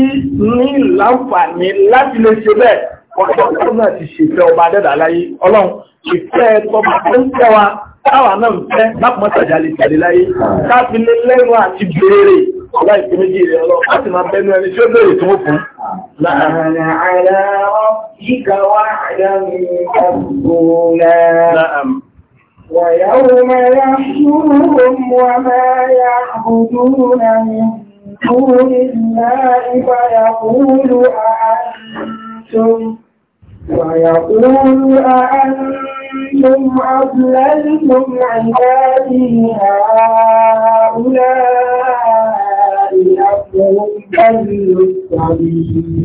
ní láǹfààní láti lè ṣe bẹ́ẹ̀ ọ̀dọ̀ ọ̀dọ̀ náà ti ṣèfẹ́ ọba dẹ́dà láyé ọlọ́run ìfẹ́ tọba tó ń tẹ́ wa táwa náà ń fẹ́ lápọn tàjà lè tẹ̀lé láyé káfí lé lẹ́nu àti béèrè ọlá ìpín méjì rẹ̀ ọlọ́ láti máa bẹnu ẹni tí ó béèrè tó ń fún. Láàrín àlá yíká wá àdá mi ọ̀gbọ̀n náà. ويوم يحشرهم وما يعبدون من دون الله فيقول أأنتم ويقول أأنتم أضللتم عبادي هؤلاء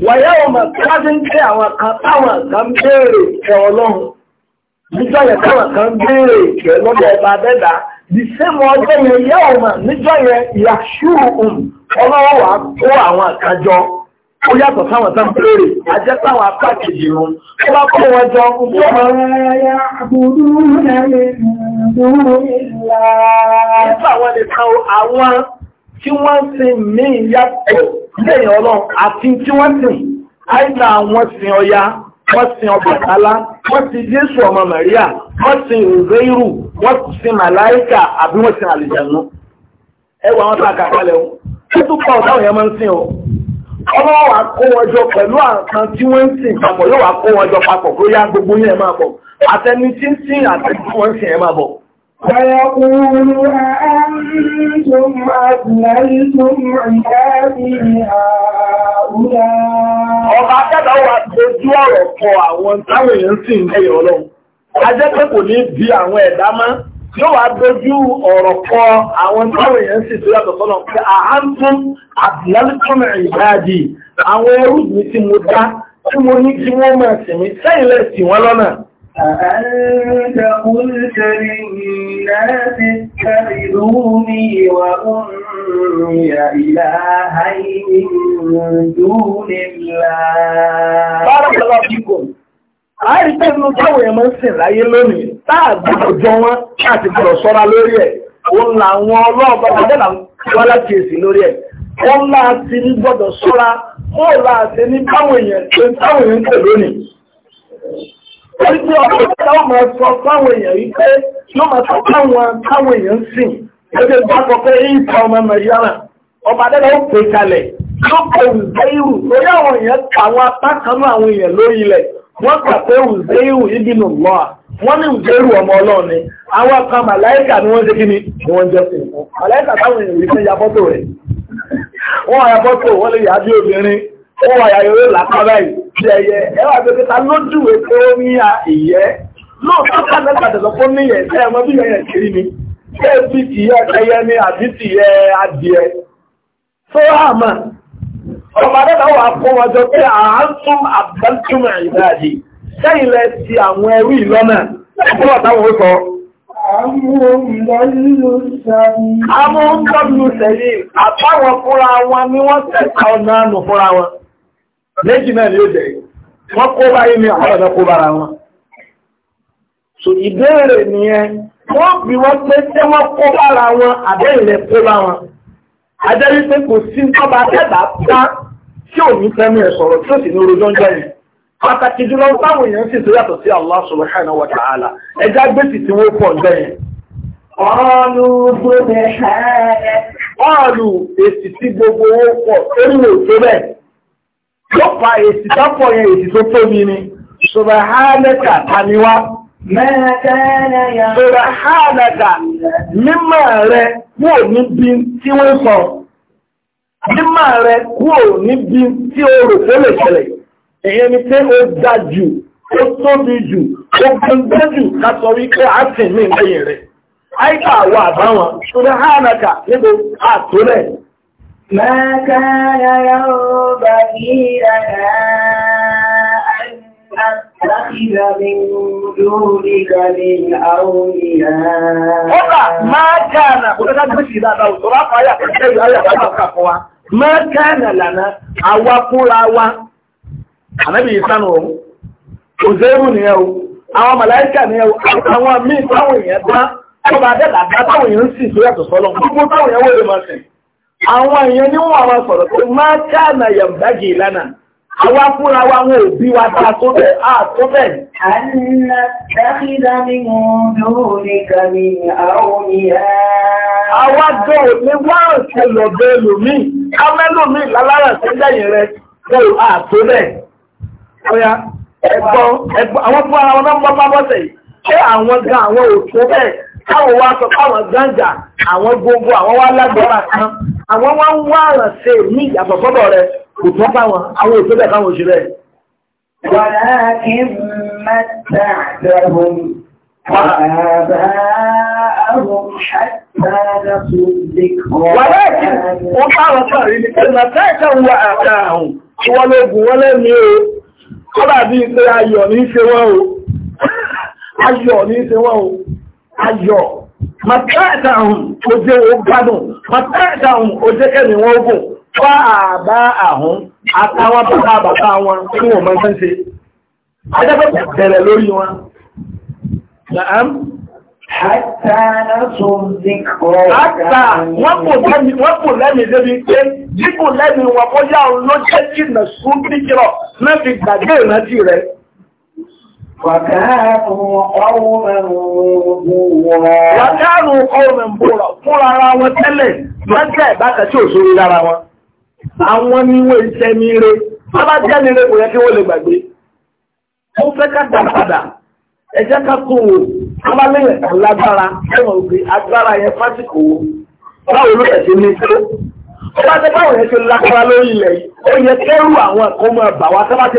ويوم كذن كاوى كاوى كم بيري كاولون níjọ́ yẹn táwọn kan béèrè ìkẹ́ lọ́dọ̀ ọba dẹ́dà the same ọjọ́ yẹn yẹ́ ọ̀mà níjọ́ yẹn ìyàṣùrùm um, ọlọ́wọ́ wa kó àwọn àkájọ ó yàtọ̀ sáwọn tán béèrè ajẹ́ sáwọn apá kejì run ó bá kó wọn jọ ojú ọmọ. nígbà wọn lè kan àwọn tí wọ́n sin mí yàtọ̀ lẹ́yìn ọlọ́run àti tí wọ́n sìn àìsàn àwọn sìn ọya wọ́n sin ọba àtàlá wọ́n sin jésù ọmọ màríà wọ́n sin ìrùbẹ́irù wọ́n sin màláíkà àbí wọ́n sin àlìjànú ẹwà wọn tàkà kalẹ̀ o ó tún pa ọ̀tá òyìnbó ń sìn o ọmọ wa kó wọn jọ pẹ̀lú àǹkan tí wọ́n ń sìn papọ̀ yóò wá kó wọn papọ̀ kó yá gbogbo yẹn máa bọ̀ àtẹni tí ń sìn àtẹni tí wọ́n ń sìn yẹn máa bọ̀. فيقول أأنتم أذللتم عبادي هؤلاء Ọba akẹ́ta wà dojú ọ̀rọ̀ kọ àwọn táwọn èèyàn sì ń kẹyọ̀ ọlọ́run. A jẹ́ pé kò ní bí àwọn ẹ̀dá mọ́, yóò wá dojú ọ̀rọ̀ kọ àwọn táwọn èèyàn sì tó yàtọ̀ sọ́nà pé àhántún àdìlálítọ́nà أأنت قلت للناس اتخذوني وأمي إلهي من دون الله بارك الله فيكم àìsàn ló táwọn èèyàn máa ń sìn láyé lónìí táàgbọ́dọ̀ jọ wọn láti gbọ́dọ̀ sọ́ra lórí ẹ̀ òun làwọn wá láti èsì lórí ẹ̀ wọ́n gbọ́dọ̀ sọ́ra mọ́ ní èèyàn Oríṣi ọ̀pọ̀ táwọn máa sọ fáwọn èèyàn yìí pé yóò máa sọ fáwọn táwọn èèyàn sìn. Gẹ́gẹ́ bí wọ́n pé ń ta ọmọ Mẹ̀ríàmà, ọba dẹ́gbẹ́ ó pè kalẹ̀. Yóò pè lórí àwọn èèyàn àwọn apá àwọn èèyàn lórí ilẹ̀. Wọ́n kà pé Ùzẹ́ìrù ibi nù lọ́à. Wọ́n ní Ùzẹ́ìrù ọmọ Ọlọ́run Àwọn kan màláìkà ni wọ́n ṣe kí ni wọ́n jẹ́ sìn fún. Màláìkà táwọn èèyàn yìí ó wà yàrá yóò làpá báyìí tí ẹyẹ ẹwà pẹ̀lú ta lójú ètò omi ìyẹ́ lóòótọ́ kálẹ̀ kàtẹ̀sọ fún ní yẹn tẹ́ ẹmọ bí yẹn yẹn kiri ni tẹ́ bí ti yẹ ẹyẹ ni àbí ti yẹ adìẹ tó àmà ọba dẹ́ta wà fún ọjọ́ pé àánsùn àbẹ́ntùmọ̀ ìdájì sẹ́yìn lẹ ti àwọn ẹrú ìlọ́nà ẹgbẹ́ ọ̀táwọn ó sọ Àwọn ń dọ́lù sẹ́yìn, àbáwọn fúnra wọn ni wọ́n tẹ̀ka ọ̀nà ànù fúnra wọn méjì náà ni ó jẹ́ wọ́n kó bá yìí ní àwọn ọ̀dọ́ kó bára wọn so ìbéèrè nìyẹn wọ́n bí wọ́n pé tí wọ́n kó bára wọn àbẹ́yìnlẹ̀ kó bá wọn ajẹ́ wípé kò sí ọba dẹ́gbà dá tí ò ní fẹ́mi ẹ̀ sọ̀rọ̀ tí ó sì ní orojọ́ ń jẹ́ yìí pàtàkì jùlọ táwọn èèyàn sì tó yàtọ̀ sí Allah subhanahu wa ta'ala ẹja gbèsè tí wọ́n pọ̀ ń jẹ́ yẹn. ọ̀ọ́lù gbọ́dẹ̀ ṣáà rẹ̀. ọ̀ọ́lù èsì tí gbogbo owó pọ̀ torí òjò bẹ́ẹ̀. lọ́pàá èsì tápọ̀ yẹn èsì tó tóbi ni ṣùgbàhánẹ́kà tàníwá ṣùgbàhánẹ́kà mímọ̀ rẹ kúò níbi tí wọ́n sọ rẹ kúò níbi tí ó rò tó lè ṣẹlẹ̀ ni pé ó ga jù ó tóbi jù ó gbẹgbẹ́ jù ká sọ wípé a sì ní ìlẹ́yìn rẹ̀ àìkà àwọn àbáwọn ṣùgbàhánẹ́kà níbo àtúrẹ̀ ما كان ينبغي لنا أن نتخذ من دونك من أولياء ما كان ما كان لنا ọba adẹ́dàá dá táwọn èèyàn ń sìn tó àwọn èèyàn ní wọn àwọn sọ̀rọ̀ pé máa káàmà yàmùdájì ìlànà àwa fúnra wa wọn ò bí wa tá a tó bẹ̀ á tó bẹ̀. àwọn ìyá. àwa wá òṣè lọ́dọ̀ ẹlòmíì kámẹ́lòmíì lálára sẹ́jẹ̀yìn rẹ̀ wọn ò á tó bẹ̀. ọ̀ya àwọn fúnra wọn náà ń bọ́ bá bọ́sẹ̀ yìí ṣé àwọn gan àwọn ò bẹ́ẹ̀ káwọn wá sọ káwọn gbàǹjà àwọn gbogbo àwọn wá lágbára kan àwọn wá ń wá àràn ṣe ní ìyàtọ̀ sọ́dọ̀ rẹ kò tó báwọn àwọn ètò káwọn òṣèré. wọ́n káàrọ̀ wọ́n lè gùn wọ́n lẹ́mí o, kọ́bà bí wọ́n o, ayọ̀ màtáàtà ọ̀hún ogbádùn màtáàtà ọ̀hún ó wọn ogun wá àbá àhún àtàwọn bàbá bàbá wọn tí wọ́n mọ́ sí ṣe adẹ́gbẹ̀ẹ́ bẹ̀rẹ̀ lórí wọn Àtà wọ́n kò débi pé dípò lẹ́mì wọn kó yá Wàkàrùn-ún ọ̀rùn-ún búra fún ara wọn tẹ́lẹ̀ lọ́jẹ́ ìbákà tí ò sórí lára wọn. Àwọn níwé iṣẹ́ ní ire, wọ́n bá jẹ́ ní ire kò yẹ kí wọ́n lè gbàgbé. Ó fẹ́ ká dàpadà, ẹjẹ́ ká kún wò, a bá lè rẹ̀ lágbára, ẹ̀wọ̀n ògbé agbára yẹn fásitì wò. Báwo ló ẹ̀ wa tó bá ti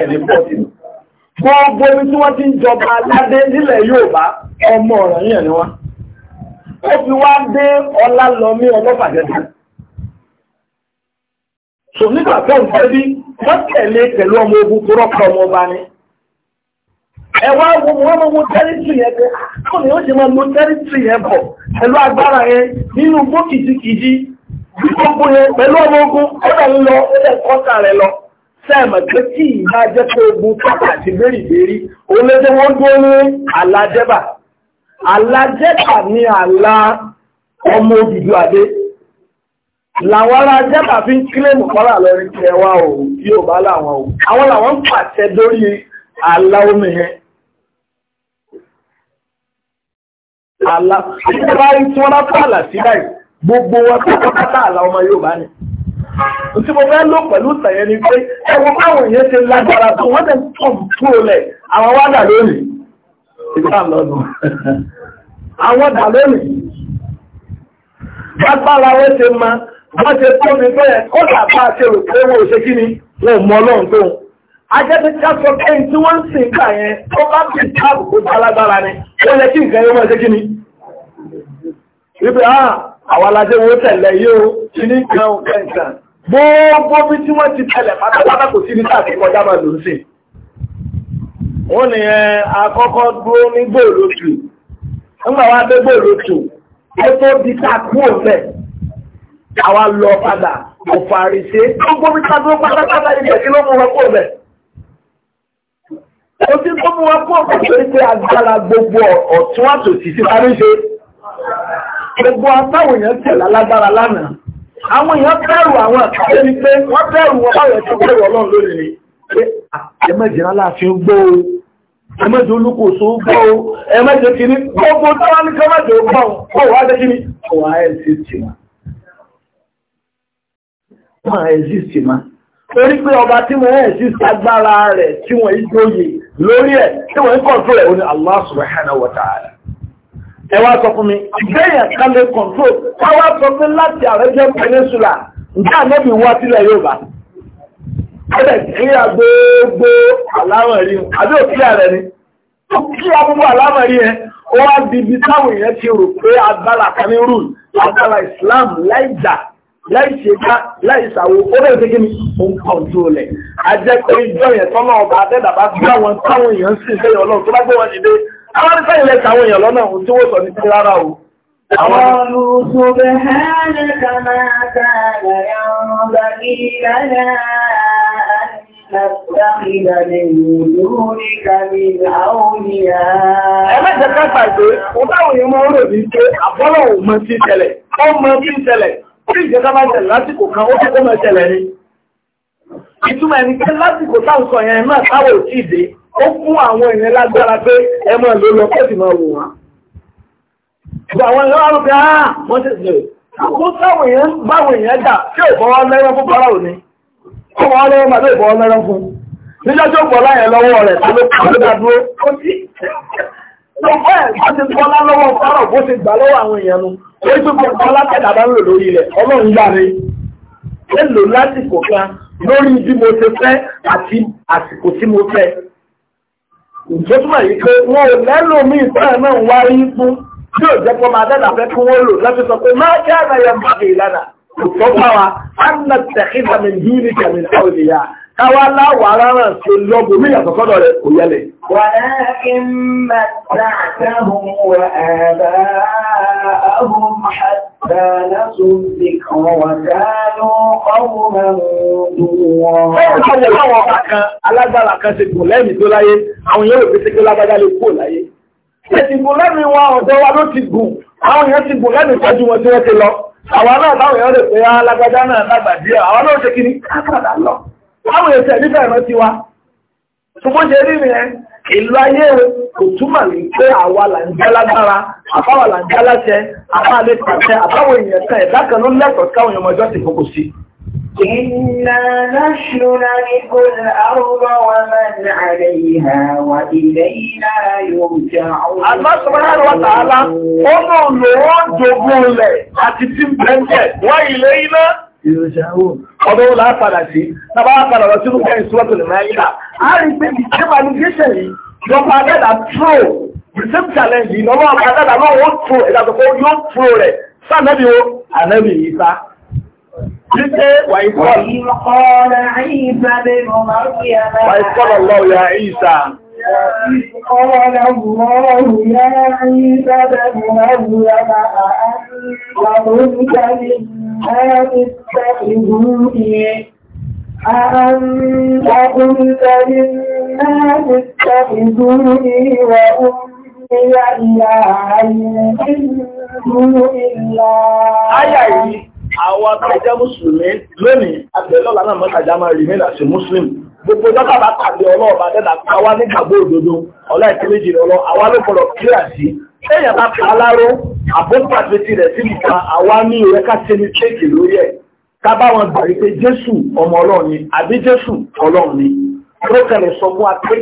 ẹni pọ̀tì. Gbogbo omi tí wọ́n ti ń jọba aládé nílẹ̀ Yorùbá ọmọ ọ̀ràn yìí ni wá Ó fi wá dé ọlá lọ mí ọlọ́fàjẹ́dá. Sò nígbà tó ń fẹ́ wọ́n tẹ̀lé pẹ̀lú ọmọ ogun ọmọ ọba ni. Ẹ wá wo wọ́n yẹn ah, ó ṣe máa yẹn bọ̀ pẹ̀lú gbogbo yẹn pẹ̀lú ọmọ ogun ó ń lọ sẹ́ẹ̀mọ̀ pé tí ìyá jẹ́ pé ogun kápá àti bẹ́rìbẹ́rí òun ló wọ́n dúró alájẹ́bà alájẹ́bà ni àlá ọmọ òdùdú adé làwọn ará jẹ́bà fi ń kílèmù kọ́là lọ́rí tí ẹwà ò tí ò bá láwọn ò àwọn làwọn ń pàṣẹ lórí àlá omi yẹn àlá ìjọba tí wọ́n bá pààlà sí gbogbo wọn pátápátá àlá ọmọ Yorùbá ni tí mo fẹ́ lò pẹ̀lú tẹ̀yẹ ni pé ẹwọ báwọn èèyàn ṣe lágbára tó wọ́n tẹ̀ tó tó lẹ̀ àwọn wá dà lónìí ìgbà lọ́nu àwọn dà lónìí lágbára wọ́n ṣe ma wọ́n ṣe tó mi bẹ́ẹ̀ kódà bá ṣe rò pé wọ́n ò ṣe kí ni wọ́n mọ ọlọ́run tó ajẹ́bí ká sọ pé tí wọ́n ń sìn kà yẹn tó bá bí táàbù kó bá lágbára ni wọ́n yẹ kí nǹkan yẹn wọ́n ṣe kí ni wípé ah, àwọn alájẹ́wọ́ tẹ̀lé yóò kí ní kan kẹ́ǹkan gbogbo bí tí wọ́n ti tẹ̀lẹ̀ pátápátá kò sí ní sáàtì kọjá máa lò ń sìn wọ́n ní ẹ akọ́kọ́ dúró ní gbòòrò tù nígbà wá dé gbòòrò tù ó tó di ká kú òfẹ́ àwa lọ padà kò fàárí sí gbogbo bí ká dúró pátápátá ní ìjẹ̀kí ló mú wọn kú òfẹ́ ó ti tó mú wọn kú òfẹ́ torí pé agbára gbogbo ọ̀tún àtòsí sí parí ṣe gbogbo atáwòyàn tẹ̀lá lágbára lánàá àwọn èèyàn bẹ̀rù àwọn àkàrẹ́ ni pé wọ́n bẹ̀rù wọn báyọ̀ tó bẹ̀rù ọlọ́run lónìí ni pé ẹmẹ́jẹ̀ aláàfin gbọ́ o ẹmẹ́jẹ̀ olúkòso gbọ́ o ẹmẹ́jẹ̀ kìíní gbogbo tó wá ní kọ́mẹ́jẹ̀ ó gbọ́ o wà á dẹ́kìíní wà á ẹ̀sìtì ma wà á ẹ̀sìtì ma torí pé ọba tí mo ẹ̀sìtì agbára rẹ̀ tí wọ́n yí lóye lórí ẹ̀ tí wọ́n yí kọ̀ọ̀tún rẹ̀ ó Allah subhanahu wa ẹ wá sọ fún mi ìgbẹ́yìn kálẹ̀ control ká wá sọ pé láti Arabian Peninsula ǹjẹ́ ànábì wá sílẹ̀ Yorùbá ẹ̀rẹ̀ kílíà gbogbo àlámọ̀ rí àbí òkílà rẹ̀ ni ó kílíà gbogbo àlámọ̀ rí ẹ ó wá di ibi táwọn èèyàn ti rò pé agbára kan ní agbára Islam láìjà láìṣèká láìṣàwò ó bẹ̀rẹ̀ pé kí ni ó ń kàn tó lẹ̀ a jẹ́ pé ìjọ yẹn tọ́lọ́ ọba adẹ́dàbá gbé àwọn táwọn èèyàn sì fẹ́ yọ ọlọ́run tó bá gbé wọn nílé àwọn ìfẹ́ ilẹ̀ tàwọn èèyàn lọ́nà ohun tí wọ́n sọ ní sí rárá o قالوا سبحانك ما كان ينبغي لنا أن نتخذ من دونك من أولياء. Ẹ mẹ́ta kápá ìgbé, mo táwọn èèyàn máa ń rò ní pé àbọ́lọ̀ ò mọ sí ìṣẹ̀lẹ̀, ó mọ bí ìṣẹ̀lẹ̀, ó sì jẹ́ ká máa tẹ̀lé lásìkò kan ó tó mọ ìṣẹ̀lẹ̀ ni. Ìtumọ̀ ẹni pé lásìkò táwọn sọ yẹn náà táwọn ò tí ì dé ó fún àwọn èèyàn lágbára pé ẹ máa ló lọ pẹ́sì máa wò wá. Ìgbà àwọn èèyàn wọ́n pẹ́ àà wọ́n ṣe ṣe ó sáwọn èèyàn báwọn èèyàn dà tí ò bọ́ wọn lẹ́rán fún bọ́lá òní. Ó wọ́n lẹ́rán màdó ìbọ̀ wọn lẹ́rán fún. Níjọ́ tó bọ̀ láyẹ̀ lọ́wọ́ rẹ̀ tó ló kọ́ ló dá dúró. Lọ́pọ̀ ẹ̀ bá ti bọ́lá lọ́wọ́ fọ́rọ̀ bó ti gbà lọ́wọ́ àwọn èèyàn nu. lórí bí mo ṣe fẹ́ àti àsìkò tí mo fẹ́ ìjọ túnmọ̀ yìí pé wọn ò lẹ́lò mí ìfẹ́ náà wá rí fún tí ò jẹ́ pọ́ máa dẹ́nà fẹ́ kí wọ́n lò láti sọ pé máa jẹ́ àdáyẹ̀ mọ́ ìlànà kò tọ́ fáwa á nà tẹ̀kí káwá láwà rárá ṣe lọ́gbò mí yàtọ̀ sọ́dọ̀ rẹ̀ kò yẹlẹ̀. wà á kí n má tààtàhùn wà àbá ahùn àtà lásùn sí kan wà dáánú ọ̀hún wọn. bẹ́ẹ̀ ni àwọn ọ̀rọ̀ ọba kan alágbára kan ṣe gùn lẹ́mìí tó láyé àwọn yóò fi ṣégbé lágbájá lè kúrò láyé. ètì gùn lẹ́mìí wa báwo ẹ̀sẹ̀ nífẹ̀ ẹ̀rọ ti wa ṣùgbọ́n ṣe rí nìyẹn ìlú ayé kò túmọ̀ ní pé àwa là ń jẹ́ lágbára àbáwa là ń jẹ́ aláṣẹ àbá lè pàṣẹ àbáwọn èèyàn tán ẹ̀dá kan ló lẹ́tọ̀ọ́ káwọn èèyàn ọjọ́ ti fòkò sí. Inna nahnu narithul arda wa wa ilayna Ọdún wo láá padà sí, tàbá wá padà lọ sí Rúkẹ́ ìṣúwọ́tò lè máa yíra. A rí pé the same allegation yìí, lọ́pàá dẹ́dà tró, the same challenge yìí, lọ́wọ́ ọ̀pá dẹ́dà náà ó tró, ìdàgbàsókò yóò tró rẹ̀, sáà nẹ́bí o, ànẹ́bí yìí sá. وإذ قال عيسى بن مريم وإذ قال الله يا عيسى قال الله يا عيسى بن مريم أأنت قلت ما تتخذوني أأنت قلت للناس اتخذوني وأمي إلهين من دون الله àwọn akẹ́jẹ́ mùsùlùmí lónìí àtẹ́lọ́lá náà mọ́kàjá máa rí mẹ́lá sí mùsùlùmí gbogbo dọ́kàbà pàdé ọlọ́ọ̀bá dẹ́dà káwá ní kàgbó òdodo ọlá ìtẹ́lẹ́jì ọlọ́ àwálòpọ̀lọ̀ kíláàsì Téèyàn bá pa aláró, àbópàtẹ́tì rẹ̀ sí nìkan, àwa ní ìrẹ́ ká kéèkì lórí ẹ̀. Ká bá wọn gbà wípé Jésù ọmọ ọlọ́run ni, àbí Jésù ọlọ́run ni. Lókẹ̀lẹ̀ sọ fún wa pé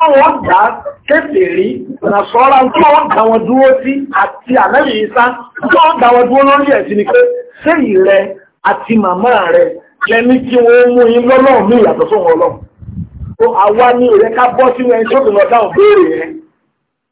wọ́n wọ́n gbà kéfè rí, ọ̀nà sọ́ra tí wọ́n gbà wọn dúró sí àti àlẹ́yìn ìsá, tí wọ́n gbà wọn dúró lórí ẹ̀sìn ni pé ṣé ìrẹ àti màmá rẹ lẹ́ni tí wọ́n mú yín lọ́lọ́run ní ìyàtọ̀ sóhun ọlọ́run. Àwa ni ìrẹ ká bọ́ sínú ẹni tó fi lọ dáhùn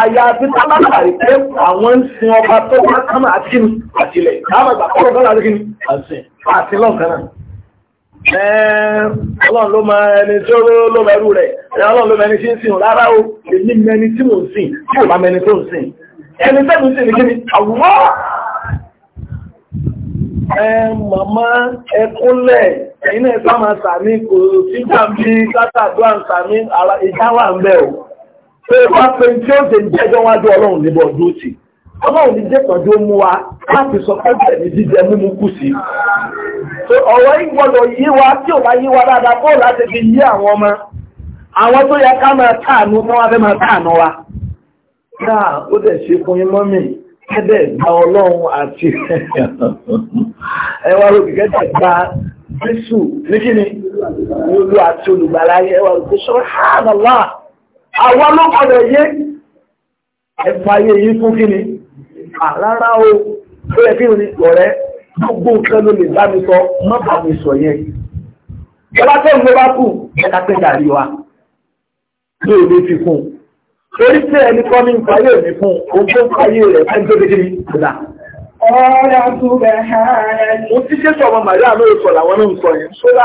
àyàfi tábàtàrí pé àwọn ń sin ọba tó bá kámà àtìmù àtìlẹ̀ láàmàgbà kọ́rọ̀ tó láti gíní àti àti lọ́nkà náà ọlọ́run ló máa ẹni tí ó ló mẹ́rú rẹ̀ ọlọ́run ló mẹ́ni tí ń sìn rárá o èmi mẹ́ni tí mò ń sìn tí ò bá mẹ́ni tó ń sìn ẹni tẹ́mi sìn ní kí ni àwùwọ́ màmá ẹkúnlẹ̀ ẹ̀yin náà sá máa sàmí kò sí jàǹbí látàdúrà sàmí ìjáwà ń bẹ̀ o pé wọ́n pe tí ó ṣe jẹ́jọ́ wájú ọlọ́run níbo ọdún tì ọlọ́run ní jẹ́kọ̀ọ́jú ó mú wa láti sọ pé bẹ́ẹ̀ ni jíjẹ mímú kù sí. ọ̀rọ̀ yìí gbọ́dọ̀ yé wa tí ò bá yé wa dáadáa bó láti fi yé àwọn ọmọ àwọn tó yẹ ká máa káànú tí wọ́n fẹ́ máa káànú wa. náà ó dẹ̀ ṣe fún yín mọ́mì kẹ́dẹ̀ gba ọlọ́run àti ẹwà lóbi kẹ́dẹ̀ gba Jésù ní kíni olú àti olùgbàláyé ẹwà lóbi sọ́rọ̀ àwọn ọlọ́pàá yé ẹ̀fàyè yìí fún kí ni àrárá o tó yẹ kí ni ọ̀rẹ́ gbogbo nǹkan ló lè bá mi sọ má bà sọ yẹn ìjọba tó ń gbé kù ẹ̀ka pé dàrí wa ló lè fi kún torí pé ẹni kọ́ ní ìfàyè mi fún ogún ìfàyè rẹ̀ fẹ́ gbé kékeré kódà. mo ti ṣe sọ̀rọ̀ màrí àlóòsọ̀ làwọn náà sọ yẹn. sọlá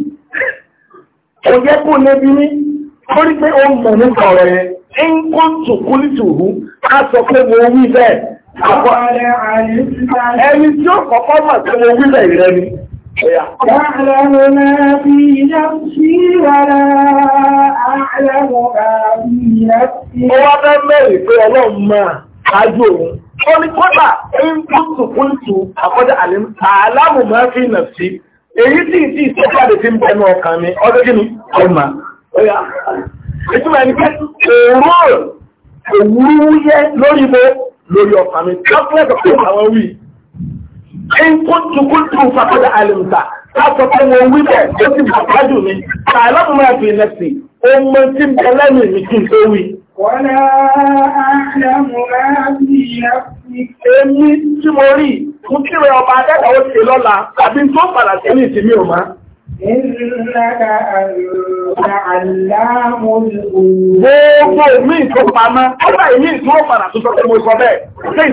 kò yẹ kó lébi ní torí pé ó mọ̀ nípa ọ̀rọ̀ yẹn ń kó tòkúlì tòhú á sọ pé mo wí bẹ́ẹ̀ ẹni tí ó kọ́kọ́ mà pé mo wí bẹ́ẹ̀ rẹ ni. تعلم ما في نفسي ولا أعلم ما في نفسي. Ó wá fẹ́ mẹ́rin pé ọlọ́run ń kó tòkúlì tòhú àkọ́jà àlámù máa fi nà sí èyí tí ìtí ìsọ́jáde fi ń bẹnu ọkàn mi ọdún kí ni ọmọ ọ̀yá ìtumọ̀ ẹni pé òwúrò òwúrúyẹ lórí mo lórí ọkàn mi káfíńtì fún àwọn wí ń kó tukú tu fàkọ́dà àlùmùtà láti fún wọn wí bẹ́ẹ̀ tó ti bọ̀ kájú mi àìlọ́mù máa fi ilẹ̀ sí ọmọ tí ń bẹ lẹ́nu mi kí n tó wí. Wọ́n á lẹ́mú máa ń bí ìyá. Èmi tí mo rí mo ọba adẹ́gbà ó lọ́la àbí tó padà sí ní ìsinmi ò Gbogbo mi tó pamọ́, tó padà tó mo sọ bẹ́ẹ̀, ṣé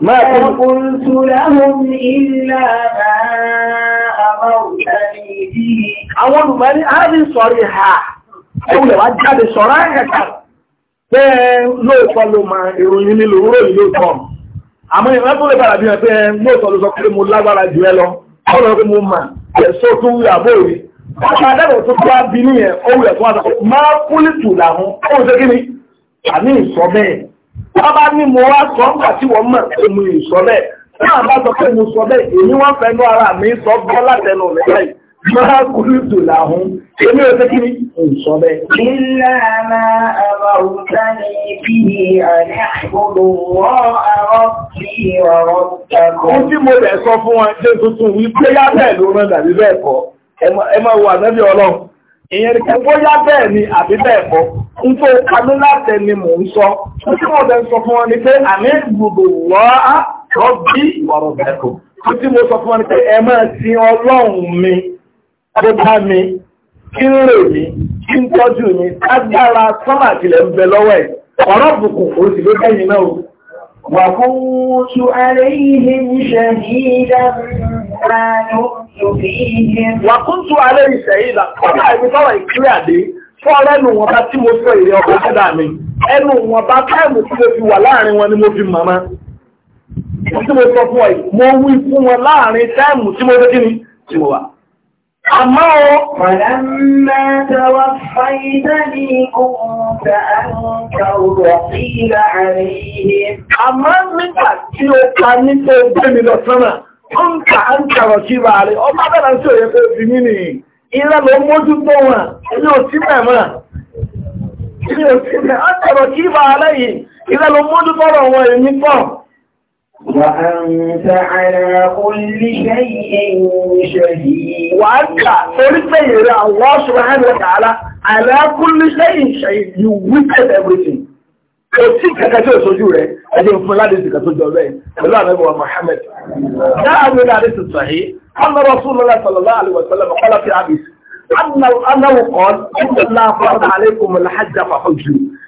Àwọn olùmọ̀ ní, a rí ha, ó lè wá jáde sọ̀rọ̀ pé lóòtọ́ ló ma ìròyìn nílò ròyìn lóòtọ́ àmọ́ ìrìnlẹ́ tó lè bára bí wọn pé lóòtọ́ ló sọ pé mo lágbára jù ẹ lọ ọ̀rọ̀ pé mo mà ẹ̀sọ́ tó wù àbó rí ọ̀pá adábọ̀ tó tó bí nìyẹn ó wù ẹ̀kọ́ àtọ́kọ́ máa kúlì tù làwọn ó ṣe kí ni àní ìsọ bẹ́ẹ̀ wọ́n bá ní mo wá sọ nígbà tí wọ́n mọ̀ pé mo ìsọ bẹ́ẹ̀ náà bá sọ pé mo sọ bẹ́ẹ̀ èmi wọ́n fẹnu ara mi sọ bọ́ látẹnu rẹ̀ báyìí Máa kúrú tò láhún, èmi ò tẹ́kí ní ìsọ bẹ́. Ìlànà àwọn òtàní bí i àríkòdò wọ́n àwọn bí ọ̀rọ̀ tẹ́kọ̀ọ́. Ó tí mo bẹ̀ sọ fún wọn jẹ́ tuntun wípé yá bẹ́ẹ̀ ló rán dàbí bẹ́ẹ̀ kọ́. Ẹ máa wo ànábì ọlọ́run. Ìyẹn ni mò ń sọ. Ó tí mo bẹ̀ sọ fún wọn ni pé àmì ìgbòdò wọ́n á rọ́bí ọ̀rọ̀ tẹ́kọ̀ọ́. Ó tí mo sọ fún wọn ni pé ẹ máa sin ọlọ́run mi kó dá mi kí ń rè mí kí ń tọ́jú mi lágbára sọ́mà tilẹ̀ ń bẹ lọ́wọ́ ẹ̀ ọ̀rọ̀ bùkún òsì ló kẹ́yìn náà o. وكنت عليهم شهيدا ما دمت فيهم وكنت عليهم wọn bá tí mo sọ ìrẹ́ ọkọ̀ ọ̀dá mi ẹnu wọn bá táìmù tí mo fi wà láàrin wọn ni mo fi màmá tí mo sọ fún ọ mo wí fún wọn láàrin táìmù tí mo fẹ́ kí ni tí mo wà. Àmọ́ o. Fọ̀lẹ́mẹ́ tọwọ́ fàídẹ́ ní ohun tẹ́ àrùnkà ọ̀rọ̀ sí ilẹ̀ àríyìn. Àmọ́ nígbà tí ó ká ní tó gbé mi lọ sọ́nà, ó ń kà á ń kàrọ̀ pé fi mí nìyí. Ilẹ̀ ló mójú tó wọn, ilé ò sí mẹ́mọ́. Ilé ò sí rẹ̀ yìí, ilẹ̀ ló mójú tọ́rọ̀ wọn èmi pọ̀. وأنت على كل شيء شهيد وأنت كل شيء الله سبحانه وتعالى على كل شيء شهيد you wicked everything كتير كتير سجورة أجل فلاديس كتير جوابة فلا نبوا محمد لا أقول هذا صحيح أن رسول الله صلى الله عليه وسلم قال في عبيس أن أنه قال إن الله فرض عليكم الحج فحجوا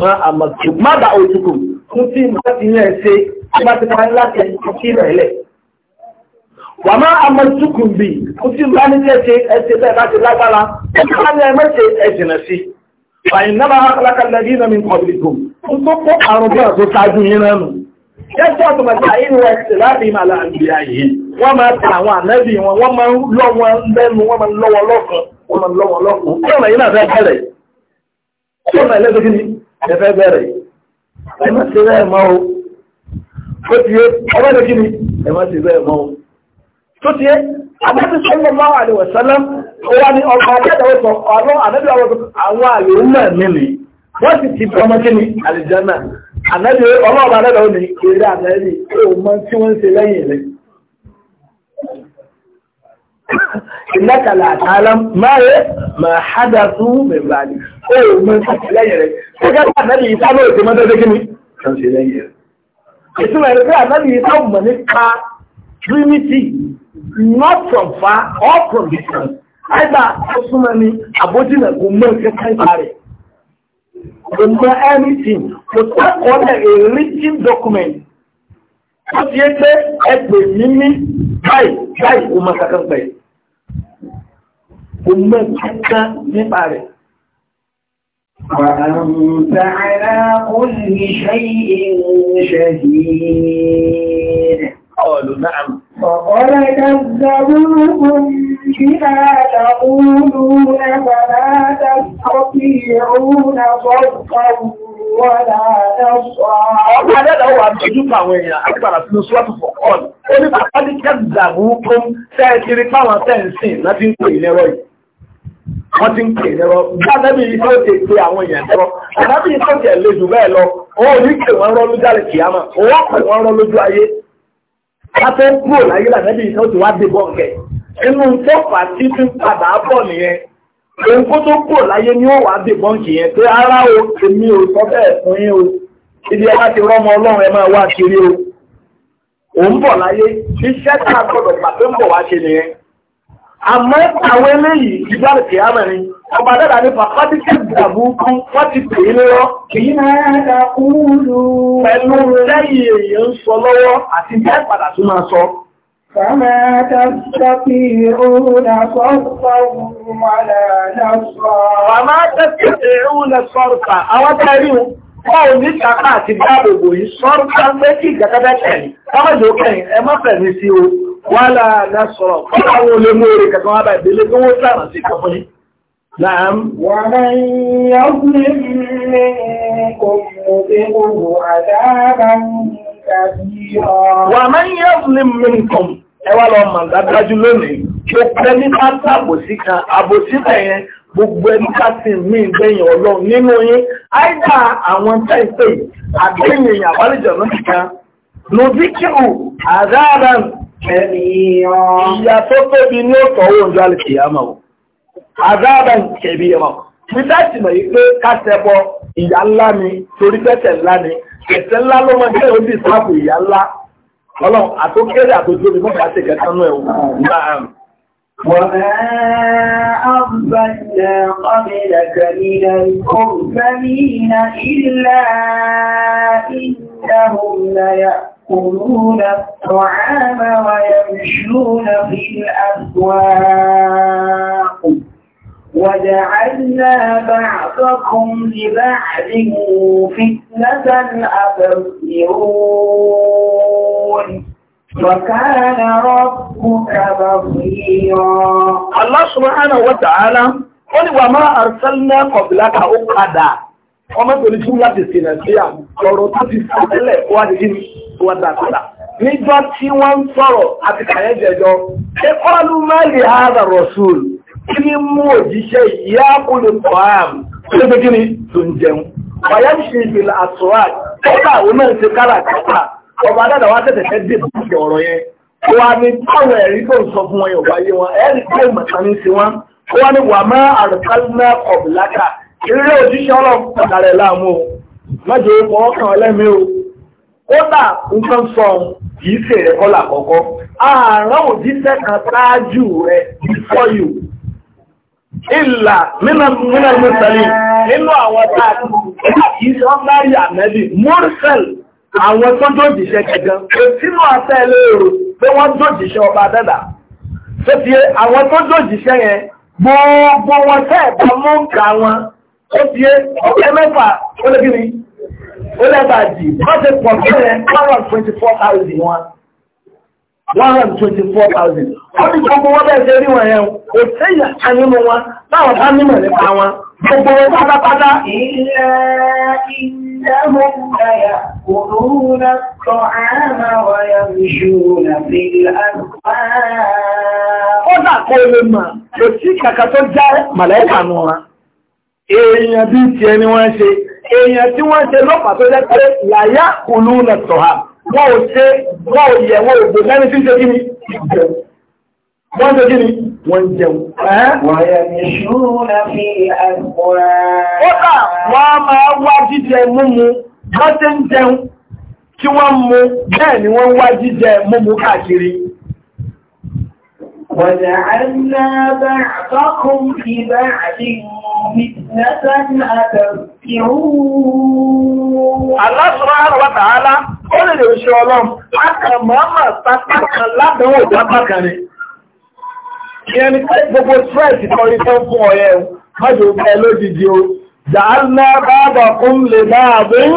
ma àmọ̀tò má bá òtùkù fún tí mo bá ti yẹn ṣe tí bá ti pa ní láti ẹ̀sìn kí rẹ̀ lẹ̀. wà má àmọ̀tùkù bì fún tí mo bá ní kí ẹ̀ṣẹ̀ ẹ̀ṣẹ̀ bẹ́ẹ̀ bá ti lágbára ẹ̀ṣẹ̀ bá ní ẹ̀mẹ́ṣẹ̀ ẹ̀ṣẹ̀ náà sí. fàyìn náà máa kálákà lẹ́bí iná mi ń kọ̀bí gùn fún tó kó àrùn láti ìmọ̀ àlàǹdìyà yìí wọ́n máa ta àwọn ànábì wọn wọ́n máa ń wọn lẹ́nu wọ́n máa ń lọ́ wọ́n máa ń lọ́ wọn ẹ̀fẹ́ bẹ̀rẹ̀ ẹ má ṣe bẹ́ẹ̀ mọ́ o tó ti yé ọba lè kí ni ẹ má ṣe bẹ́ẹ̀ mọ́ o tó ti yé adájú sọ́lọ́ máa wà ní wẹ̀sánlá ó wá ní ọba adájáwó sọ ọ̀rọ̀ ànábì àwọn àyè ńlá mi ni wọ́n sì ti bọ́ ọmọ kí ni àlìjánà rẹ̀. máa hádà fún mẹ́bàlì ó mọ ìtàkìlẹ́yìn rẹ̀ gẹ́gẹ́ bí ànábì yìí sábà òsè mọ́ tẹ́tẹ́ kíni kan ṣe lẹ́yìn rẹ̀ ìtumọ̀ ẹ̀rọ trinity not from far or from distance àìgbà tó súnmọ́ ni àbójìnà kò mọ ìkẹta ìgbà rẹ̀ kò mọ anything kò sẹ́kọ̀ọ́ lẹ̀ a written document ó ti yé pé ẹgbẹ̀ mímí báyìí báyìí kò mọ kankan pẹ̀ kò وأنت على كل شيء شهيد قالوا نعم فقد كذبوكم بما تقولون فلا تستطيعون صدقا ولا نصرا هذا لو أن تجوك وين أكبر في نصرة فقال قل فقد كذبوكم سيكري فما تنسين نتنكو إلى رأيك wọ́n ti ń pè lẹ́rọ gbàdébí yìí tó ti pe àwọn èèyàn lẹ́rọ àdábì yìí tó jẹ́ lè jù bẹ́ẹ̀ lọ òun ní pè wọ́n rọ́ lójú àlè kìámà òun pè wọ́n rọ́ lójú ayé látó kúrò láyé làdábì yìí tó ti wá dé bọ́ǹkẹ̀ inú tó fà tí fi ń padà bọ̀ nìyẹn òun kó tó kúrò láyé ni ó wà dé bọ́ǹkì yẹn pé ara o èmi ò sọ bẹ́ẹ̀ fún yín o ibi ẹ bá ti rọ́mọ ọlọ́run ẹ máa wá kiri o òun bọ̀ láyé iṣẹ́ tá a gbọ́dọ̀ pàtó ń bọ̀ wá ṣe nìyẹn àmọ́ àwọn eléyìí ìgbàlẹ̀ kìí ọ bụ ọba dada ní pàpàdíkì ìdàbù kún wọ́n ti pè é lọ́wọ́ kìí náà dàkúrú pẹ̀lú lẹ́yìn ń sọ lọ́wọ́ àti bẹ́ẹ̀ padà tún máa sọ Fàmà ní kàkà àti yìí ìlú sí o. wàhálà náà sọ̀rọ̀ kọ́lá àwọn olè mú èrè kẹta wọn bá ìdílé tó wọ́n sára sí ìkọ̀ fún yín. Naam. Wàhálà yọ̀gbìn mi kò mú ewu àdáàbà tàbí ọ. Wàhálà yọ̀gbìn mi kọ̀ ẹ wá lọ mọ̀ dájú lónìí. Gbogbo ẹni bá tàbòsí kan, àbòsí bẹ̀yẹn gbẹ̀yìn ọlọ́run nínú yín áìdá àwọn tẹ́ǹtẹ́ àgbẹ̀yìn àbálẹ̀jọ̀ lónìí kan. Nùdíkìrù àdáàbà ìyà tó tóbi ní ọ̀tọ̀ owó ìjọ alìkè àmà ò àzáàbà ìkẹ̀bí ẹ̀mọ̀ títà ti mọ̀ yí pé kásẹ̀bọ ìyà ńlá ni torí tẹ́tẹ̀ ńlá ni ẹ̀sẹ̀ ńlá ló mọ̀ jẹ́ òbí ìsáàbù ìyà ńlá ọlọ́run àtókèrè àtòjú omi mọ́ta ti kẹta nú ẹ̀wọ̀n náà وما إنهم ليأكلون الطعام ويمشون في الأسواق وجعلنا بعضكم لبعض فتنة أبصرون وكان ربك بصيرا الله سبحانه وتعالى قل وما أرسلنا قبلك أقدا ọmọ tó ní kú láti ṣe nàìjíríà lọ́rọ̀ tó ti sọ tẹ́lẹ̀ wá di kíni wá dàgbà nígbà tí wọ́n ń sọ̀rọ̀ àti kàyẹ́ jẹjọ ṣé kọ́lù máa lè ha dà rọ̀ṣùl kí ni mú òjíṣẹ́ ìyá kúlù kọ́àm tó ṣe kíni tó ń jẹun ọ̀yá ń ṣe ìpìlẹ̀ àtúrà kọ́kà òun náà ṣe kára kọ́kà ọba dàdà wá tẹ̀tẹ̀ fẹ́ dé bùkì ọ̀rọ̀ yẹn wà ní táwọn ẹ̀rí tó ìrírí òjíṣẹ́ ọlọ́run pàtàlẹ̀ láàmú o mọ́jọ orúkọ ọkàn ọlẹ́mí o kódà nǹkan sọ kìí ṣe rẹ̀ kọ́là kọ́kọ́ ààrùn òjíṣẹ́ kan ṣáájú rẹ̀ before you ìlà mínà mùsàlì nínú àwọn táàkì kìí ṣe wọ́n bá rí àmẹ́bí mùsàl àwọn tó jòjìṣẹ́ kẹjọ kò sínú àṣẹ ilé èrò pé wọ́n jòjìṣẹ́ ọba dẹ́dà tó ti àwọn tó jòjìṣẹ́ yẹn gbogbo wọn tẹ́ẹ̀bá mú nǹkan wọn ó ti yé ọ̀pẹ́ mẹ́fà ó lé gíní ó lẹ́bà jì wọ́n ti pọ̀ sílẹ̀ 124,000 wọn 124,000 ó ní gbogbo wọ́n bẹ́ẹ̀ ṣe rí wọn yẹn kò sẹ́yà àyínú wọn láwọn bá nímọ̀ nípa wọn gbogbo wọn pátápátá. ilẹ̀ إنهم ليأكلون الطعام kò lè mà, kò èèyàn bí ti ẹni wọ́n ṣe èèyàn tí wọ́n ṣe lọ́pàá tó jẹ́ pé láyá kùlú nà tọ̀há wọ́n ò ṣe wọ́n ò yẹ̀ wọ́n ògbò lẹ́ni tí ń ṣe kíni wọ́n ṣe kíni wọ́n jẹun ẹ́hán wọ́n máa wá jíjẹ múmu wọ́n ṣe ń jẹun tí wọ́n mú bẹ́ẹ̀ ni wọ́n wá jíjẹ múmu káàkiri وَجَعَلْنَا بَعْضَكُمْ لِبَعْضٍ Allah subhanahu wa ta'ala ó lè lè ṣe ọlọ́m, pàkà mọ́mà pàpàkà ládánwò ìjápàkà rẹ̀. Ìyẹn ni pé gbogbo stress kọrí tó fún ọ̀yẹ́ o, mọ́jọ pẹ̀ lójijì o, jàálá bábà kún lè máa bí ń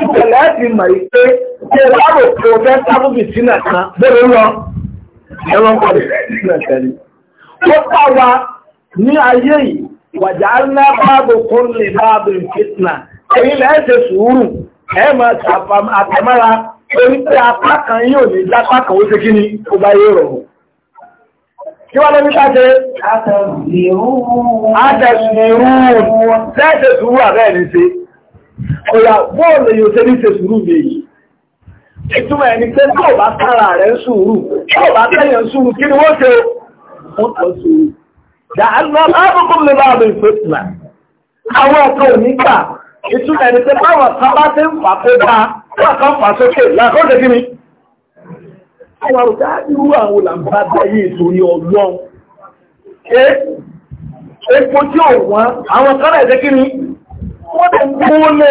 Ìṣẹ̀lẹ̀ ẹ̀sìn mọ̀ yìí pé kí ẹ bá rò pé o fẹ́ sábùbì sí náà kan bẹ́ẹ̀ lọ. Ẹ̀rọ ń kọ́ni sí náà kẹ́ni. Ó kọ́ wa ní ayé yìí, wàjà ńlá báàbò kún lè báàbò fitna. Èyí lẹ́ ṣe sùúrù, ẹ máa ṣàfàm àtẹ̀mára torí pé apá kan yóò ní dápá kan ó ṣe kí ni kó bá yé rọrùn. Kí wá lórí ṣáṣe? Àtẹ̀sùn ìrú. Àtẹ̀sùn ìrú. Ṣé sùúrù àbẹ́ẹ̀ ọ̀yà bọ́ọ̀lù yóò ṣe ní ṣe sùúrù mi yìí ìtumọ̀ ẹni pé tó bá kára rẹ̀ ń sùúrù tó bá tẹ́yàn sùúrù kí ni wọ́n ṣe wọ́n tọ́ sùúrù dàánú alábùkún mi bá mi fèsìlà àwọn ọ̀kan ò ní gbà ìtumọ̀ ẹni pé báwọn kan bá ti ń fà kó bá wọn kan fà sókè làkọ́jọ́ kí ni. àwọn àrùkà irú àwọn làǹbá dáyé ìtòrí ọgbọ́n epo tí ò wọ́n àwọn kan náà ẹ̀jẹ̀ kí ni wọ́n lè gbó lé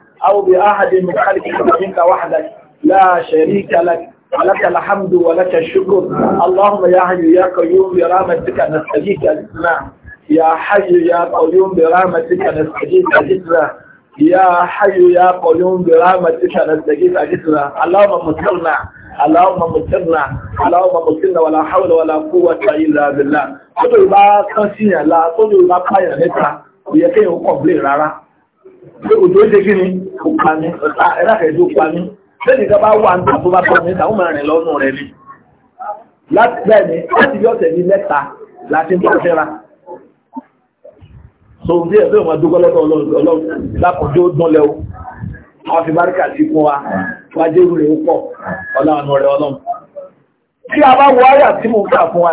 أو بأحد من خلقك منك وحدك لا شريك لك ولك الحمد ولك الشكر اللهم يا حي يا قيوم برحمتك نستجيك الإسلام يا حي يا قيوم برحمتك نستجيك الإسلام يا حي يا قيوم برحمتك نستجيب الإسلام اللهم مطرنا اللهم مطرنا اللهم مطرنا ولا حول ولا قوة إلا بالله لا bá kán síyàn láà لا bá pààyàn لا تنسينا لا kéèyàn kọ̀ọ̀blé rárá pé òjò ṣe kí ni kò pa mí ẹ̀láfẹ̀ẹ́jọ́ pa mí lẹ́yìn tó bá wà ní àtúbà pa mí tàwọn máa rìn lọ́nà rẹ̀ ni láti bẹ́ẹ̀ ni láti bí ọ̀sẹ̀ bíi mẹ́ta láti ń bá fẹ́ra so bí ẹ̀ bẹ́ẹ̀ máa dúpẹ́ lọ́dọ̀ ọlọ́run lákòójó dúnlẹ̀ o àwọn fi báríkà sí fún wa wájéwu rẹ̀ ó pọ̀ ọlọ́run rẹ̀ ọlọ́run tí a bá wọ àyà tí mo kà fún wa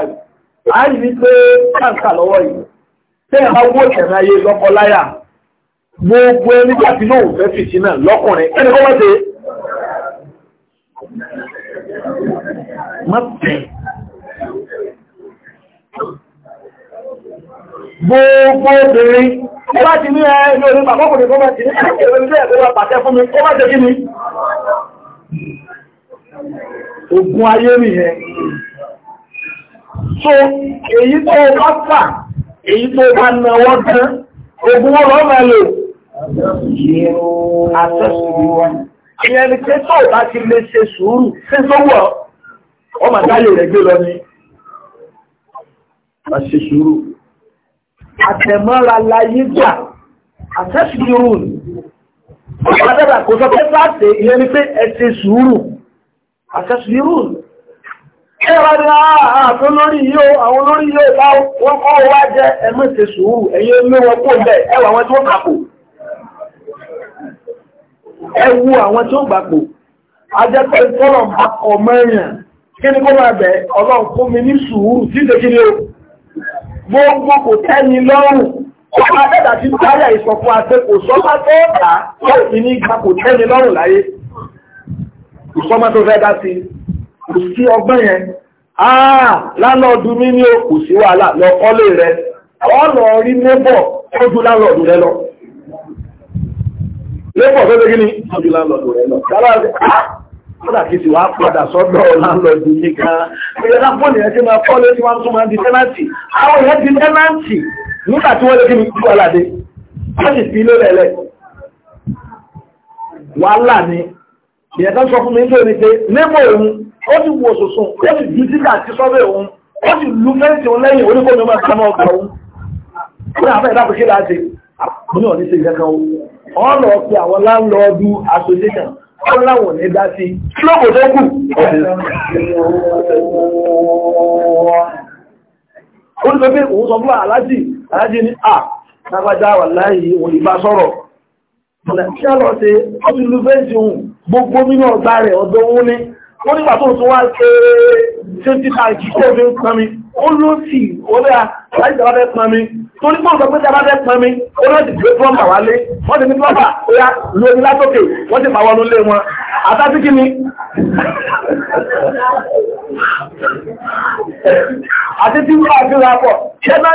a yìí pé káńkà lọ́wọ́ yìí gbogbo ẹni láti ló ń fẹ́ fìtí náà lọ́kùnrin ẹni kọ́ mọ́tẹ́ mọ́tẹ́ gbogbo obìnrin tó bá ti ní ẹni orí pàpọ́kùnrin kọ́ mọ́tẹ́ ní ẹgbẹ̀rẹ̀ ilé ẹ̀kọ́ pàtẹ fún mi kọ́ mọ́tẹ́ kí ni ogun ayé nìyẹn so èyí tó bá fà èyí tó bá náwọ́ gan ogun wọn lọ́mọ lò Àtẹ́sùrù wọn. Ìyẹn ni pé tó bá ti lè ṣe sùúrù, ṣé tó wọ̀ ọ́ màá dáyé rẹ̀ gbé lọ ni. Má ṣe sùúrù. Àtẹ̀mọ́ra láyé gbà, àtẹ́sùrù wọn. Àtẹ́sùrù kò sọ pé sáàtẹ̀ ìyẹn ni pé ẹ ṣe sùúrù. Àtẹ́sùrù wọn. Ẹwà ni àwọn olórí yóò, àwọn olórí yóò bá wọn kọ́ wá jẹ ẹ̀mọ́ ìṣesùúrù, ẹ̀yẹ mẹ́wọ́ kó bẹ̀, ẹwà wọn tí wọ́n kàpò. ẹ àwọn tí ó gbàpò ajẹ́pẹ́ kọ́lọ̀ bá kọ mẹ́rin kí ni kó máa bẹ̀ ọlọ́run mi ní sùúrù tí kí o gbogbo kò tẹ́ni lọ́rùn ọba ti táyà ìsọ̀fún àti kò sọ́mà tó dà ní ìgbà kò tẹ́ni lọ́rùn láyé tó fẹ́ dá sí rẹ ọlọ́ọ̀rí tó rẹ lọ. lẹ́pọ̀ tó tẹ́gí ní ọdún láńlọ́dún rẹ̀ lọ. Kọ́dà ah, kí ti wá padà sọ́dọ̀ láńlọ́dún nìkan. Ìyẹ́dá fọ́ọ̀nì ẹ̀ tí máa fọ́ lé tí wọ́n tún máa di tẹ́nàtì. Àwọn ìyẹn di tẹ́nàtì nígbà tí wọ́n lé kí ni kú aládé. Wọ́n sì fi lélẹ̀lẹ̀. Wàhálà ni. Ìyẹn kan sọ fún mi nítorí pé nígbà òun, ó ti wo sòsùn, ó sì ju títà àti sọ́bẹ̀ òun, ó sì lu fẹ́ǹsì òun lẹ́yìn oníkómi máa kánú ọgbà òun. Ó ní àfẹ́ ìdápẹ́kẹ́ láti, mo ní ọ̀ ọ̀nà ọ̀pẹ́ àwọn láńlọ́ọ̀dù association wọ́n láwọn ní dá sí lókò tó kù ó ní pé òun sọ fún aláàjì aláàjì ní à lágbàjá wà láàyè òun ìbá sọ̀rọ̀ ṣẹ́lọ́ ṣe ó ti lu fẹ́ǹsì ohun gbogbo nínú ọgbà rẹ̀ ọ̀dọ̀ òun ní ó nígbà tó tún wá ṣe ṣe títà ìkíkọ́ fi ń pọnmi ó ló sì ó lẹ́yà láìsàbẹ́ pọnmi tó ní pọ́ǹsọ pé tẹ́lá fẹ́ pọn mi ó náà ti gbé plọ́mbà wálé wọ́n ti ní plọ́mbà oya lórí látòkè wọ́n ti pàwọ́nú lé wọn àtàtí kí ni àti tí wọ́n àti ra pọ̀ ṣẹ́lá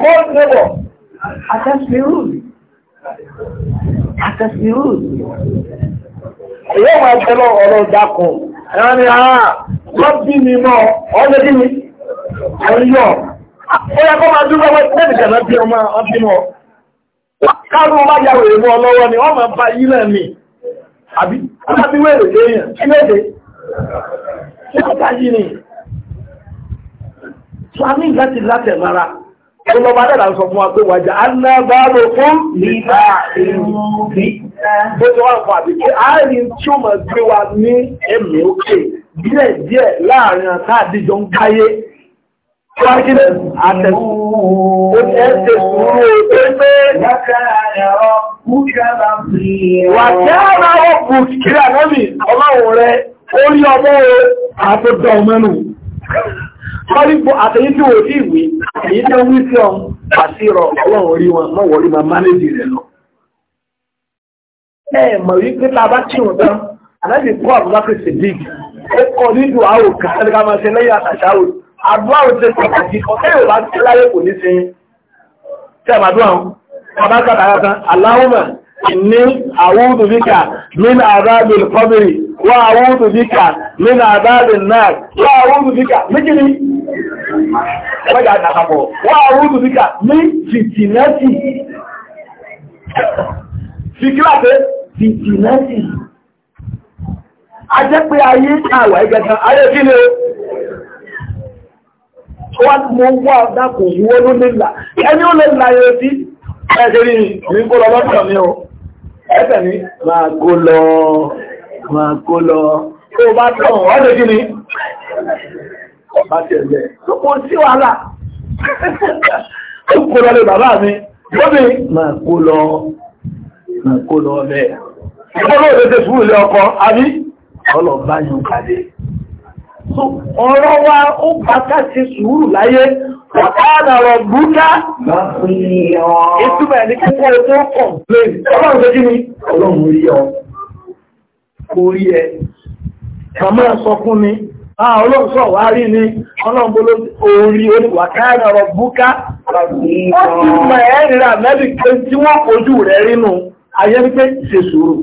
kó ń pọ̀ àtẹ́sìrú àtẹ́sìrú èyí ọmọ ẹgbẹ́ lọ ọ̀rọ̀ ìdákùn ẹ̀rọ ni àá ah, lọ́bí mi mọ́ ọ́ lé kí ni ẹ̀rí yọ̀ ó yẹ kó máa dúró wọ́n tẹ́lì kẹ̀lẹ́ bí ọmọ ọdínmọ̀ káàrùn bá yà wèrè mọ́ ọlọ́wọ́ ni wọ́n máa bá yí náà ni àbí láti wèrè léèyàn kí léde kí wọ́n bá yí ni sami láti látẹ̀ mara ó lọ́ba dáadáa sọ fún wa pé wàjà aná bá lò fún nígbà èyí bó ti wá ń fọ àbí pé àárín tí ó máa gbé wa ní èmi òkè díẹ̀díẹ̀ láàrin àtàdíjọ ń káyé Fájílẹ̀ àtẹ̀sùn ó jẹ́ ṣe sùúrù pépé. Wà kí á rá ọ̀pù kí àmọ́mì ọlọ́run rẹ orí ọmọ rẹ àtọ́dọ̀ mẹ́nu. Fọ́lípò àtẹ̀yí tí wò sí ìwé, èyí tẹ́ wí sí ọm àṣírọ̀ ọlọ́run rí wọn mọ́wọ̀ rí ma mánéjì rẹ̀ lọ. Ẹ mọ̀ wípé tá a bá kí wọn tán, àlẹ́ àdúrà ò ṣe pàtàkì ọ̀tẹ́ yóò bá ti láyé kò ní ṣe tí a màdúrà ń bàbá kàtàkà kan aláwọ̀mà ní àwúdù bíkà min àdábìl kọ́bìrì wà àwúdù bíkà min àdábìl náà wà àwúdù bíkà méjìlí ẹgbẹ́gbẹ́ àdàkàpọ̀ wà àwúdù bíkà ní fìtìnẹ́tì fìkíláfẹ́ fìtìnẹ́tì a jẹ́ pé ayé àwà ẹgẹ̀ta ayé kí ni o wọ́n mú wà dákò ìwọ́n ló lè là ẹni ó lè là yóò sí ẹgbẹ̀rí ní kó lọ lọ́pọ̀ ní o ẹgbẹ̀ ní máa kó lọ máa kó lọ tó bá tán wọ́n lè gíní ọba ti ẹ̀gbẹ̀ tó kó sí wàhálà ó kó lọ lè bàbá mi lóbi máa kó lọ máa kó lọ bẹ́ẹ̀ ọlọ́ọ̀dẹ́dẹ́ fún ilé ọkọ àbí ọlọ́ọ̀bá yóò kàdé ọ̀rọ̀ wa ó bàtà ti sùúrù láyé ọ̀tàdà rọ̀ búká ìtúbẹ̀ ní kíkọ́ ètò kọ̀m̀plẹ̀n ọlọ́run tó jí ní ọlọ́run rí ọ orí ẹ kàmọ́ sọ fún mi ah, ọlọ́run sọ wá rí ní ọlọ́run bó lórí oníwàkàdà rọ̀ búká ayẹ́ wípé ṣe sùúrù.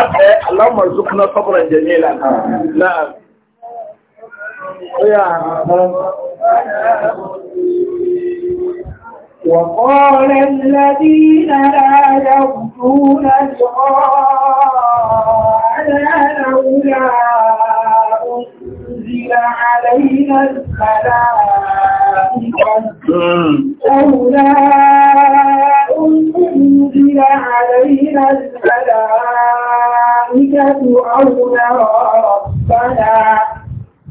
Àbẹ́ aláwọ̀ mọ̀rún sókúnná sọ́bọ̀rọ̀ jẹ́ ní ìlànà. Náà. وقال الذين لا يرجون لقاءنا لولا أنزل علينا الملائكة لولا أنزل علينا الملائكة أو نرى ربنا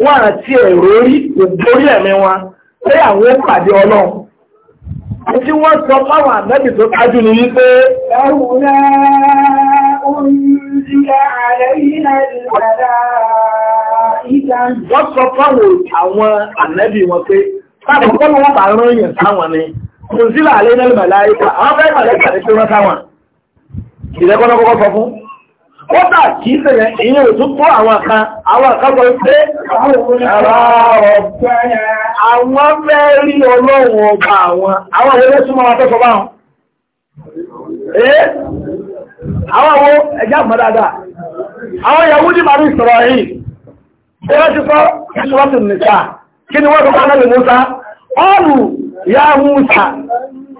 wọ́n àti ẹ̀rọ rí ògbórí ẹ̀mí wọn pé àwọn ó pàdé ọlọ́run. Tí wọ́n sọ fáwọn àmẹ́bì tó kájú ni wípé. Ẹ̀wùrẹ́ oúnjẹ ààrẹ ilẹ̀ ìgbàdá ìjà. Wọ́n sọ fáwọn àwọn àmẹ́bì wọn pé, "Táàbù kọ́ ni wọ́n bá rán èèyàn sáwọn ni, kò sí làálẹ́ náà lè màláyé ká, àwọn fẹ́ màlẹ́ kàdé tó rán sáwọn." Ìrẹ́kọ́nà kọ́kọ́ sọ fún. kódà otu sẹ̀yẹ̀ èyí ò tún tó àwọn kan àwọn àkágbọ́ pé àwọn mẹ́rí ọlọ́run ọba àwọn àwọn ẹgbẹ́ súnmọ́ wọn tẹ́sọ àwọn àwọn ẹjá mọ́dáadáa àwọn ìyàwó ní bàbí ìsọ̀rọ̀ yìí tí ya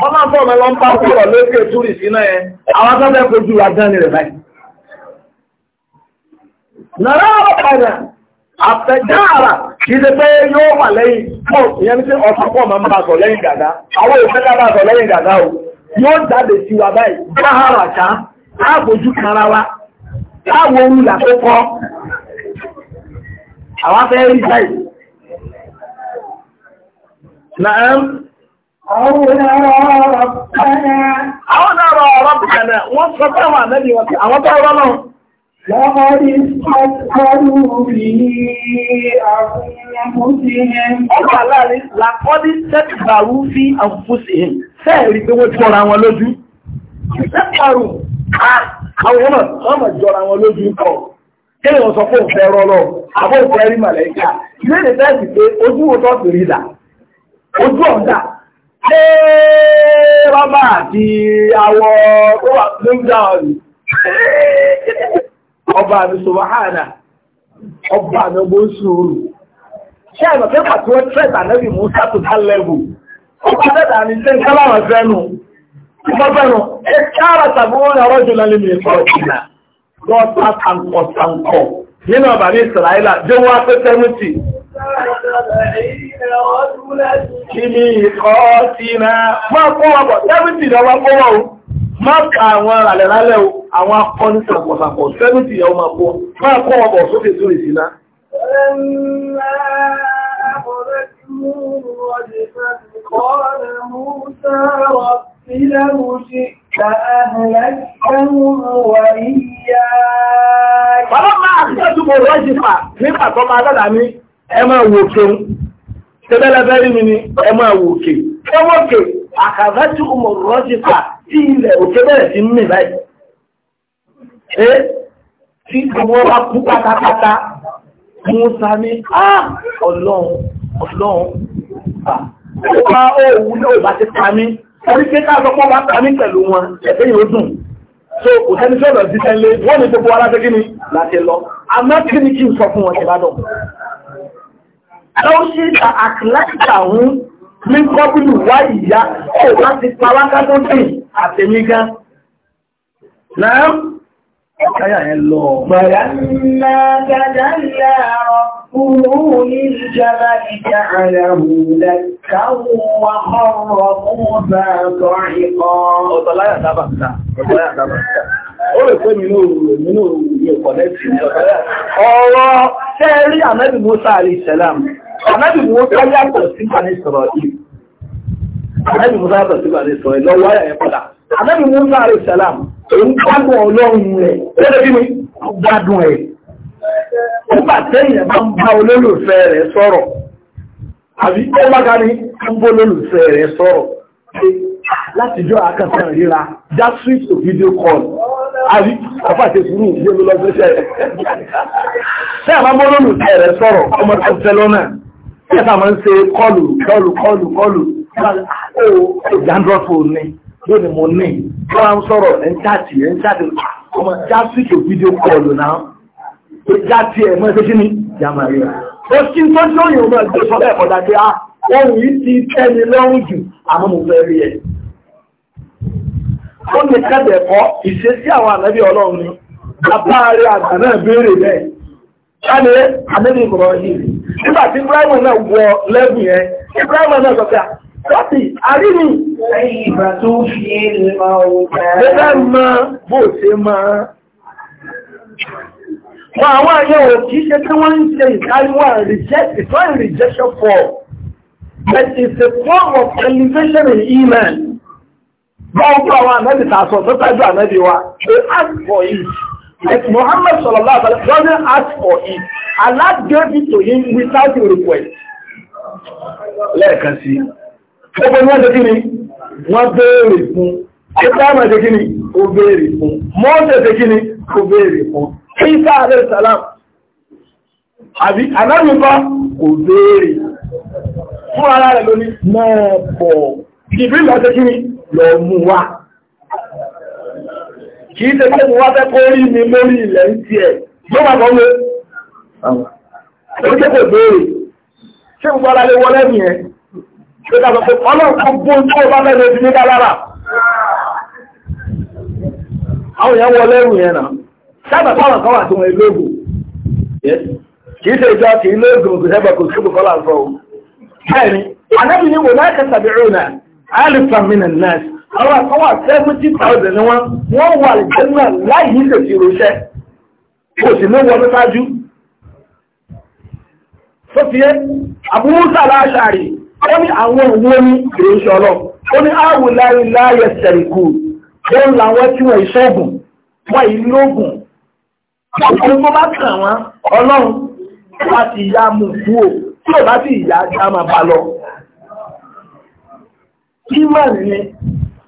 wọ́n máa bọ̀ mẹ́lọ ń bá púpọ̀ lókè túrì síná ẹ àwọn tọ́lẹ̀ kojú àjáni rẹ̀ báyìí nàrá ọ̀pàdà àfẹ̀dáàrà kìí ṣe pé yóò wà lẹ́yìn pọ̀ ìyẹn tí ọ̀sọ̀pọ̀ máa ń bá sọ lẹ́yìn dàdá àwọn òfẹ́ ká bá sọ lẹ́yìn o yóò jáde sí wa báyìí ká kanra wa àwọn afẹ́ rí báyìí Àwọn náà rọ̀bùkànà wọ́n sọ pé àwọn ànábì wọn àwọn tó rọ́ náà. Lọ́wọ́rí sọ́kọ́rù rí àfúnfúnfúnfún. Ó wà láàrin làkọ́dí sẹ́kìbàrú fí àfúnfúnfún. Sẹ́ẹ̀rí pé wọ́n jọra wọn lójú. Sẹ́kìbàrú àwọn ọmọ jọra wọn lójú kọ̀. Kéèyàn sọ fún òfẹ́ rọ́lọ́, àbọ̀ òfẹ́ rí màlẹ́kà. Ilé ìdẹ́sì pé ojú òtọ́ sí rí là. Ojú ọ̀dà ṣe rọ́bà àti àwọ̀ tó wà lóògbàwọ̀lì ọba mi sọ wàhánà ọba mi ọgbọ́ sùúrù ṣe àmọ̀ pé pàtí wọ́n tẹ́ta nẹ́bì mú sátò dá lẹ́bù ọba tẹ́ta ní ṣe ń kọ́ láwọn fẹ́nu ìfọ́fẹ́nu ẹ kára tàbí wọ́n ọ̀rọ̀ jù lálẹ́ mi ẹ̀kọ́ ìlà lọ́ta tàǹkọ̀ tàǹkọ̀ nínú ọba ní ìsìláìlà jẹ́ wọ́n á pẹ́ 70 Kìmí ìkọ́ ti na máa kó wọn sẹ́mìtì ìdọ́wà kó wọn o, máa kà àwọn àlẹ̀lálẹ̀ o, àwọn akọni sàpọ̀sàpọ̀, sẹ́mìtì ìyàwó máa kó máa kó wọn bọ̀ sókè sórí sí náà. قال موسى رب ẹ máa wò kéun tẹ́lẹ́lẹ́fẹ́ rí mi ni ẹ máa wò ké ọwọ́ ké àkàrà tí ọmọ rọ́ọ̀sì fà tí ilẹ̀ òkè bẹ̀rẹ̀ sí ń mì báyìí ẹ tí àwọn wa kú pátápátá Musa ní ọlọ́run ọlọ́run ọba òun náà bá ti pa mí orí pé káàkọ́ pọ́ bá pa mí pẹ̀lú so kò sẹ́ni sọ̀rọ̀ sí sẹ́lé wọ́n ní gbogbo aláṣẹ́ kí ni láti lọ àmọ́ kí ni kí n sọ fún wọn ìbádọ́ lọ́wọ́sí ìgbà àkìláìta òun ní kọ́bùlù wá ìyá ẹ̀ láti pàwákà tó dì àtẹ̀mí gan. Náà káyà ẹ lọ. Bàrá nà gàdá Ọ̀rọ̀ tẹ́rí Ànábì Mùsá àrí ìsẹ̀lámù. Ànábì Musa yàtọ̀ sí Bani Isra'il. Ànábì Musa yàtọ̀ sí Bani Isra'il lọ́wọ́ ayà yẹn padà. Ànábì Musa alayhi salam òun gbádùn ọlọ́run rẹ̀. Bẹ́ẹ̀ bí mi, ó gbádùn ẹ̀. Nígbà téèyàn bá ń bá olólùfẹ́ rẹ̀ sọ̀rọ̀. Àbí ó bá ga ní ń bó olólùfẹ́ rẹ̀ sọ̀rọ̀. Látijọ́ akẹ́kọ̀ọ́ ríra, just switch to video call àrí àfàṣe sùúrù yóò lọ lọ́gbẹ́sẹ̀ rẹ̀. Ṣé àwọn mọ́lọ́nù tẹ̀rẹ̀ sọ̀rọ̀ ọmọ Barcelona? ẹ̀ka máa ń ṣe kọlù kọlù kọlù kọlù ó dandruff phone ni yóò ní mo ní tó máa ń sọ̀rọ̀ ẹ̀ ń chaàtì ẹ̀ ń chaàtì ọmọ jásíkì fídíò kọlù náà ó jásí ẹ̀ mọ́ ẹ̀ ṣe ní jamari ó sì ń tọ́jú òyìn ọmọ ẹgbẹ́ sọ bẹ́ẹ̀ kọ́dá pé ah, ohun yìí ti tẹ́ni lọ́rùn jù àmọ́ mo fẹ́ rí ẹ̀ ó ní kẹ́bẹ̀ẹ́ kọ́ ìṣesí àwọn ànábì ọlọ́run ni bàbá rẹ̀ àgbà náà béèrè bẹ́ẹ̀ ká ní ànábì ìkọ̀rọ̀ yìí nígbà tí ibrahima náà wọ lẹ́bù yẹn ibrahima náà sọ̀kà lọ́tì àríní. lẹ́yìn ìgbà tó fi ìlmọ̀ òkè. bẹ́ẹ̀ mọ bó ṣe máa. Wọ́n àwọn àyẹ̀wò kìí ṣe tí wọ́n ń ṣe ìkáríwá reject, it's not rejection for, but it's a form of elevation in iman. Báwọn fún àwọn ànábì tààsọ̀ tó tájú ànábì wa, they ask for it. Like Muhammad sallallahu alaihi wasallam doesn't ask for it. Allah gave it to him without your request. Lẹ́ẹ̀kan sí. Ọgbọ́n ni wọ́n ṣe kí ni? Wọ́n béèrè fún. Ibrahim ṣe kí ni? Ó béèrè fún. Mọ́ọ̀sẹ̀ ṣe kí ni? Ó béèrè fún. Isa alayhi salam. Àbí Anábìbá kò béèrè. Fún ara rẹ̀ lónìí, náà pọ̀. Ìbílọ̀ kí ni? Lọ mú wa kìí ṣe pé wọ́n fẹ́ kó rí mi lórí ilẹ̀ ń ti ẹ̀ ló máa kọ́ wé oríṣẹ́ kò béèrè ṣé gbogbo ara lè wọlé mi ẹ̀ ṣe ká sọ pé ọlọ́run kò gbó tó bá fẹ́ lè fi ní àwọn èèyàn wọlé rù yẹn náà sábà táwọn kan wà tó wọn lóògùn kìí ṣe ìjọ àwọn àkọwà seventy thousand ni wọ́n wọ́n wà ìjẹ́nà láì ní lè fi ròṣẹ́ kò sì ló wọnú sáájú tó fi yé àbúrú sàlá àṣàrí ó ní àwọn òun ó ní ìròṣẹ́ ọlọ́ ó ní àwò láyé láyé sẹ̀ríkù ó ń làwọn tí wọ́n ìṣọ́gùn wọ́n ìlógún ọkùnrin tó bá kàn wọ́n ọlọ́run láti ìyá mú kúò tí ò bá sì já máa bá lọ. Ìmọ̀ ni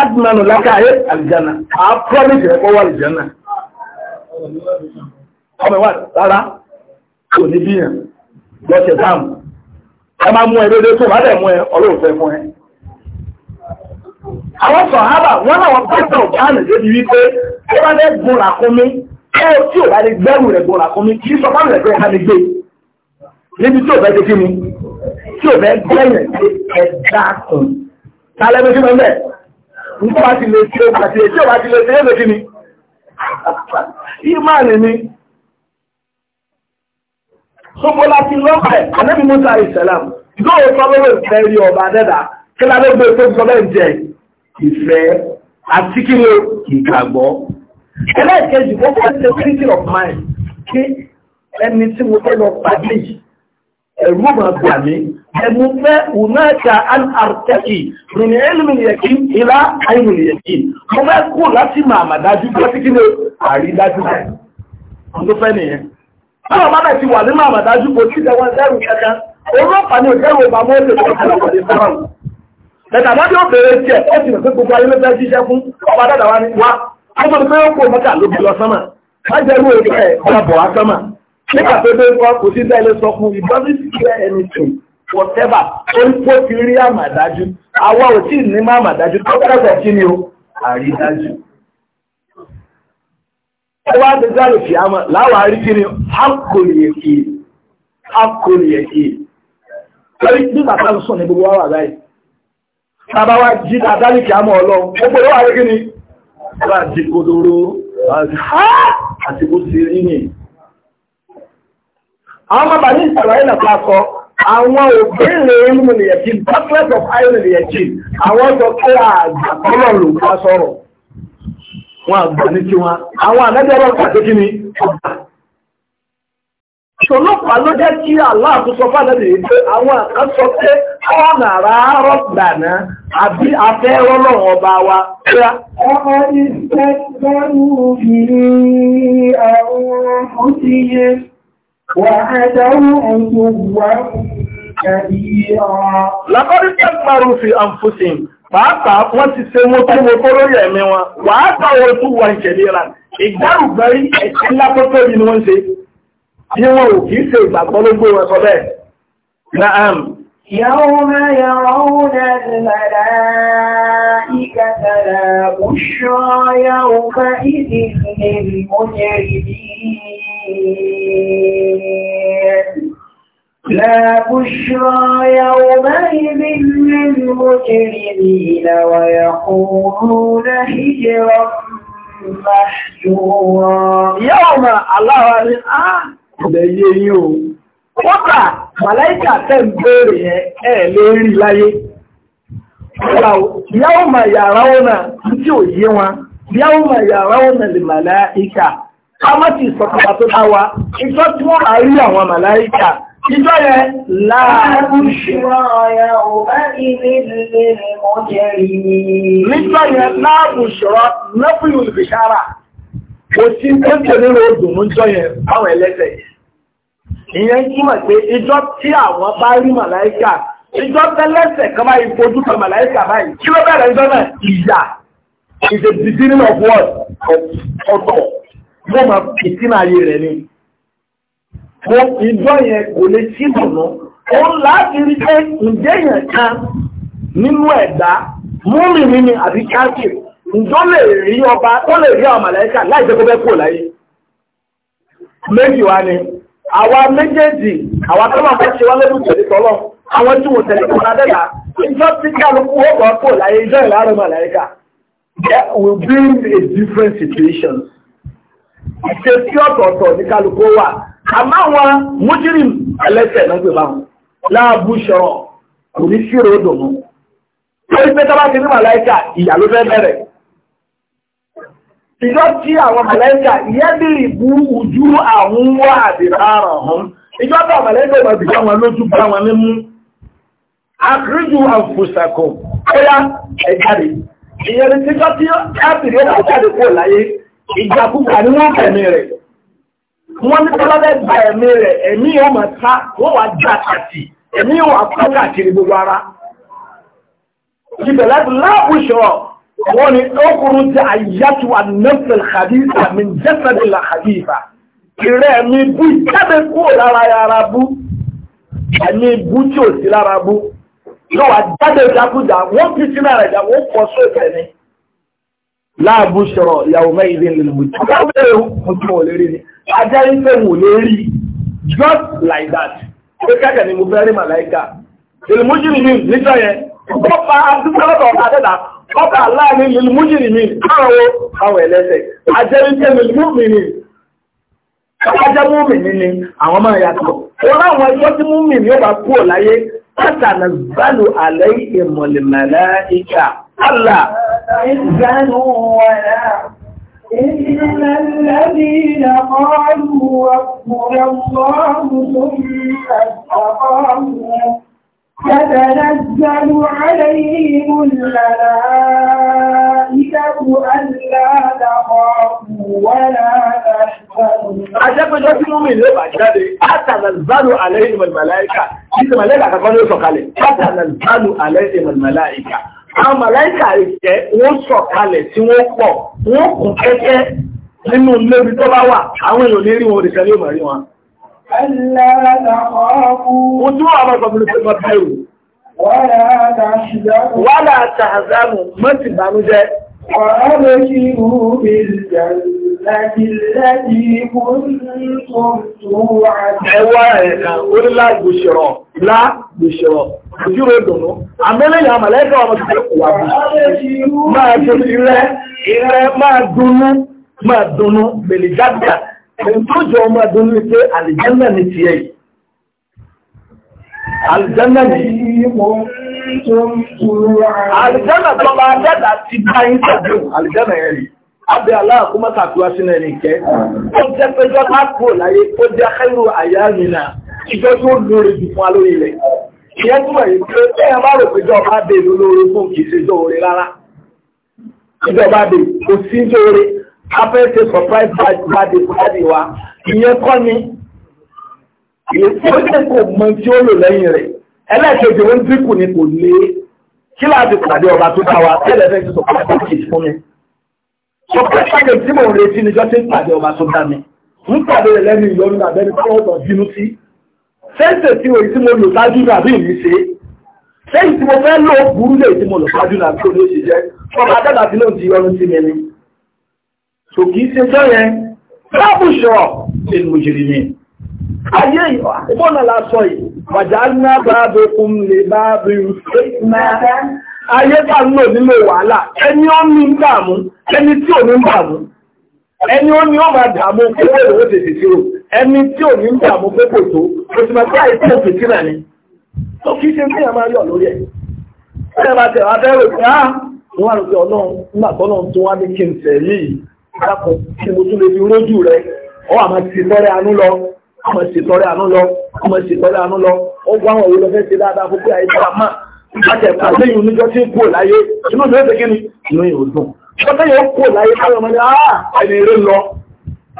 adùnánù lákàáyé àlìjánà a promise rẹ̀ kọ́ wà àlìjánà ọmọ ìwà rárá kò ní bí yàn lọ́sẹ̀ dáàmù ẹ máa mú ẹ dédé tó wà lẹ̀ mú ẹ ọlọ́ọ̀fẹ́ mú ẹ àwọn sọ̀hábà wọ́n láwọn pẹ́sẹ̀ ọ̀bánì débi wípé ẹ bá fẹ́ gun làkúnmí ẹ tí ò bá lè gbẹ́rù rẹ̀ gun làkúnmí kì í sọ fáwọn ẹ̀gbẹ́ ká lè gbé níbi tí ò bẹ́ ti kí mu tí ò bẹ́ gbẹ́yìn ẹ̀dá kùn tálẹ́bí sí mọ́ bẹ́ẹ̀ nígbà tí lè ṣe àti èṣí ọ̀wà ti lè ṣe é lè kí ni ìmáàlì ni sọ́kọ́ láti lọ́pàá ẹ̀ ànábì Mùsá ìsẹ̀lám lóòótọ́ lọ́wọ́ ìfẹ́ rí ọba dẹ́dà kí ládé gbé tó sọ bẹ́ẹ̀ jẹ ìfẹ́ àti kí ló ìgbàgbọ́ ẹlẹ́ẹ̀kejì ó fẹ́ ṣe critical of mind kí ẹni tí mo fẹ́ lọ pàdé yìí ẹ̀rú ma gbà mí ẹ̀mú fẹ́ unáka an artẹ́kì rìn ẹlùmí yẹ̀kí ilá àìmì yẹ̀kí mo fẹ́ kú láti máa mà dájú gbọ́ sí kílé àrídájú rẹ̀ ló fẹ́ nìyẹn báwọn bá bẹ̀ ti wà ní máa dájú kò tí ìjẹun ẹ̀rù kẹta olóòpàá ni òkèrò bá mọ́ ètò ìjọba Ẹ̀tàbá tí ó bèèrè tí ẹ̀ ó ti rẹ̀ pé gbogbo ayé nígbà tó dé kọ́ kò sí bẹ́ẹ̀ sọ fún it doesn't clear anything whatever ó ń kó ti rí àmàdájú àwa ò tí ì ní má àmàdájú tó kẹ́sẹ̀ kí ni o àrídájú. ẹ wá ti jáde kì á mọ láwọn àríkí ni a kò lè kì í a kò lè kì í. lórí nígbà tá a sùn ní gbogbo wa wà báyìí wá jí àdárí kì á mọ ọlọ́run gbogbo wa rí kí ni. wọ́n á di kodoro àti bó ti rí nìyí àwọn ọmọ bàbá ìsàlàyé nà pàṣọ àwọn òbéèrè ìlú nìyẹn tí bucklet of iron nìyẹn tí àwọn sọ pé àgbàkọ́lọ̀ ló bá sọ̀rọ̀ wọn àgbà ní tiwọn àwọn ànájọ́ ọlọ́run pàṣẹ kí ni ọgbà ṣòlọ́pàá ló jẹ́ kí aláàtúnṣọ fàdàdì yìí pé àwọn kan sọ pé ọ̀nà àárọ̀ gbàná àbí afẹ́rọ́ lọ́wọ́ ọba wa. Ọmọ ìfẹ́ gbẹ́rù bí àwọn ọmọ ti yẹ. وعدوا عدوا كبيرا لقد استكبروا في أنفسهم pàápàá wọ́n ti ṣe mú tó mú tó lórí ẹ̀mí wọn wà á tàwọn ètò wà ìṣẹ̀lera ìgbárùgbárí ẹ̀ṣẹ̀ lápọ́tọ́ bí ni wọ́n ṣe bí wọn ò kìí ṣe ìgbàgbọ́ ló wọn sọ bẹ́ẹ̀ naam يوم لا بشرى يومئذ للمجرمين ويقولون هجرا محجورا يوم الله الآن بيجيو Wọ́pà màláìkà tẹ́ ń bèèrè ẹ̀ leri láyé. Yáwó mà yara yé wọn, kámọ́tì ìsọ̀kọ̀ta tó dá wa ìjọ tí wọ́n á rí àwọn màláìkà ìjọ yẹn láàrín ìṣúra ọ̀yà ọ̀bá ìlú ìlú ọjọ́ rí. níjọ yẹn láàrín ìṣúra lẹ́fún olùfìṣára kò sí oúnjẹ nínú odùn níjọ yẹn báwọn ẹlẹ́sẹ̀ ìyẹn túmọ̀ pé ìjọ tí àwọn bá rí màláìkà ìjọ tẹ́lẹ́sẹ̀ kan báyìí fojú kan màláìkà báyìí kí ló bẹ̀rẹ̀ ìjọ náà ìyà is a beginning of what ọ̀tọ̀. wọ́n ma fi sínú ayé rẹ̀ ni. Wọ́n ìjọ yẹn kò lè sí dùnú. Òun láti rí pé ǹjẹ́ yẹn kan nínú ẹ̀dá múrin mi ni àbí káàkì ǹjọ́ lè rí ọba tó lè rí àwọn màláíkà láì jẹ́ kó bẹ́ kúrò láyé. Méjì wá ni, àwa méjèèjì, àwa tó máa fẹ́ ṣe wá lẹ́bù tẹ̀lé tọ́lọ́, àwọn tí wọ́n tẹ̀lé kan There will be a different situation. ìṣe tí ọ̀tọ̀ọ̀tọ̀ ní kálukú wà àmọ́ àwọn mújírìm ẹlẹ́sẹ̀ náà pè báwọn láàbù ṣọ̀rọ̀ kò ní sí ròdò mú torí pé tọ́lá ti ní màláìkà ìyà ló fẹ́ bẹ̀rẹ̀ ìjọ tí àwọn màláìkà ìyẹ́ bí ìbú ojú àwọn wà àdìráràn hàn ìjọ tó màláìkà ìgbà bìí wọn lójú bá wọn ní mú àkíríjù àfòsàkọ̀ ó yá ẹ̀jáde ìyẹn ti jọ tí ẹ̀bìrì ó jáde kó láyé ìjàkúkà ní wọ́n kẹ̀mí rẹ̀ wọ́n ní tọ́lọ́lẹ́ gba ẹ̀mí rẹ̀ ẹ̀mí yóò mọ̀ ta wọ́n wá já kàtì ẹ̀mí yóò wá pọ́ káàkiri gbogbo ara ìbẹ̀lẹ́ bí láàbùṣọ́ wọ́n ní ọkùnrin ti àyàtú ànẹ́fẹ̀ xàdífà mi jẹ́sẹ̀dì là xàdífà ìrẹ́ mi bú jáde kúrò lára yàrá bú ẹ̀mí bú tí ò sí lára bú yóò wá jáde jákújà wọ́n fi sí lára ìjà wọ́n pọ̀ sóòtẹ̀ ni láàbù ṣọ̀rọ̀ ìyàwó mẹ́ìdí lèlùmùtí. Ọjọ́ ìwọ̀n ò lè just like that. Ṣé kẹ́kẹ́ ni mo fẹ́ rí màláìkà? Lèlùmùjìrì mi níjọ́ yẹn, ó pa adúgbò ọ̀dàdà, ó pa láàrin lèlùmùjìrì mi, káàwó àwọn ẹlẹ́sẹ̀. Ajá ń pè lèlùmùmì ni, ajá múmi ni ni àwọn máa yàtọ̀. Wọ́n láwọn ẹjọ́ tí múmi ni ó bá kú ọ̀ láyé, látànà gbálù àlẹ́ ìmọ̀lẹ̀mọ̀lẹ́ Allah احزنوا ولا إن الذين قالوا ربنا الله ثم استقاموا تتنزل عليهم الملائكة ألا تخافوا ولا تحزنوا. Ajẹ́pẹ́jọ́ tí mú mi lé bàjáde, Atànàzánù àlẹ́ ìmọ̀lẹ́mọ̀láìkà, ìsìnmọ̀lẹ́kà kankan ló sọ̀kalẹ̀, Atànàzánù àlẹ́ ìmọ̀lẹ́mọ̀láìkà. àwọn màláìkà ìjẹ́ wọ́n sọ̀ kalẹ̀ tí wọ́n pọ̀ wọ́n kún kẹ́kẹ́ nínú lórí tó bá wà àwọn èèyàn lérí wọn òrìṣà yóò mọ̀rí wọn. Ojú àwọn ọmọbìnrin tó bá bẹ̀rù. Wọ́n láta àzánù mọ́tì bánújẹ́. Ẹwà ẹ̀kan orí lágbèṣọ̀rọ̀ lágbèṣọ̀rọ̀ ìjúrò ìdùnnú. Àmẹ́lẹ́yà màlẹ́kà ọmọ ti wà bí. Máa tó ìrẹ́, ìrẹ́ máa dúnú, máa dúnú, bèlè jágbà. Ìjọ́jọ́ máa dúnú pé àlìjẹ́nà ni ti ẹ̀yì. Àlìjẹ́nà ni Àlìjẹ́nà tó máa dẹ́dà ti bá yín tàbí àlìjẹ́nà ẹ̀rì abẹ́ aláàkú mọ́tàkùwá sínú ẹni ìkẹ́ ó jẹ́ péjọ́ lápò láyé ó jẹ́ kẹ́rù àyà mi náà ìjọ tí ó lóore jù fún alóyè rẹ̀ ìyẹn túmọ̀ yìí pé ẹ̀yàn bá rò péjọ́ bá dé ìlú lóore fún kì í ṣe jọ oore rárá ìjọba dé kò sí jọ oore afẹ́ ṣe surprise party party wa ìyẹn kọ́ ni ìyẹn kò mọ tí ó lò lẹ́yìn rẹ̀ ẹlẹ́ẹ̀kejì ó ń dínkù ni kò lé kí láti pàdé ọba tó bá wa tẹ́lẹ̀ fẹ́ ṣe surprise party fún Ọkọ̀ ìpàdé tí mò ń retí ni jọ́ tí ń pàdé ọba tó dá mi. Ń pàdé rẹ̀ lẹ́nu ìyọnu àbẹ́ni tó ọ̀dọ̀ bínú sí. Sẹ́ǹsẹ̀ tí òyí tí mo lò sáájú ní àbí ìní ṣe. Sẹ́yìn tí mo fẹ́ lò burú lè tí mo lò sáájú ní àbí òní ṣe jẹ́. Ọba dàgbà tí ló ti yọnu sí mi ni. Sò kìí ṣe jọ́ yẹn. Lábùṣọ̀ ìlú òjìrì ni. Ayé ìbọ̀nà la sọ yìí. Wàjà ń ná bá ayé bá ń lò nílò wàhálà ẹni ó ní ń dààmú ẹni tí ò ní ń dààmú ẹni ó ní ó máa dààmú owó ìwé tètè tí ó ẹni tí ò ní ń dààmú pépò tó oṣù mẹ́ta àìsí òfìtì náà ni tó kí ṣe ń tẹ̀yà máa yọ̀ lórí ẹ̀ ẹ̀ bá tẹ̀ wá fẹ́rẹ̀ pé á ah! wọ́n wá lọ sí ọlọ́run nígbà tó lọ́run tó wá ní kí n tẹ̀ yìí lákùn kí mo tún lè fi rójú rẹ̀ ọ àmọ́ ti tọrẹ àánú lọ àmọ́ ti tọrẹ àánú lọ àmọ́ ti tọrẹ àánú lọ ó gbọ́ àwọn òwe lọ fẹ́ ṣe dáadáa fún pé àìsí àmọ́ àtẹ̀kà lẹ́yìn oníjọ́ tí ń kúrò láyé inú ìlú ẹ̀sẹ̀ kíni inú ìlú dùn ṣọ́tẹ́ yóò kúrò láyé káwọn ọmọdé ààrẹ eré lọ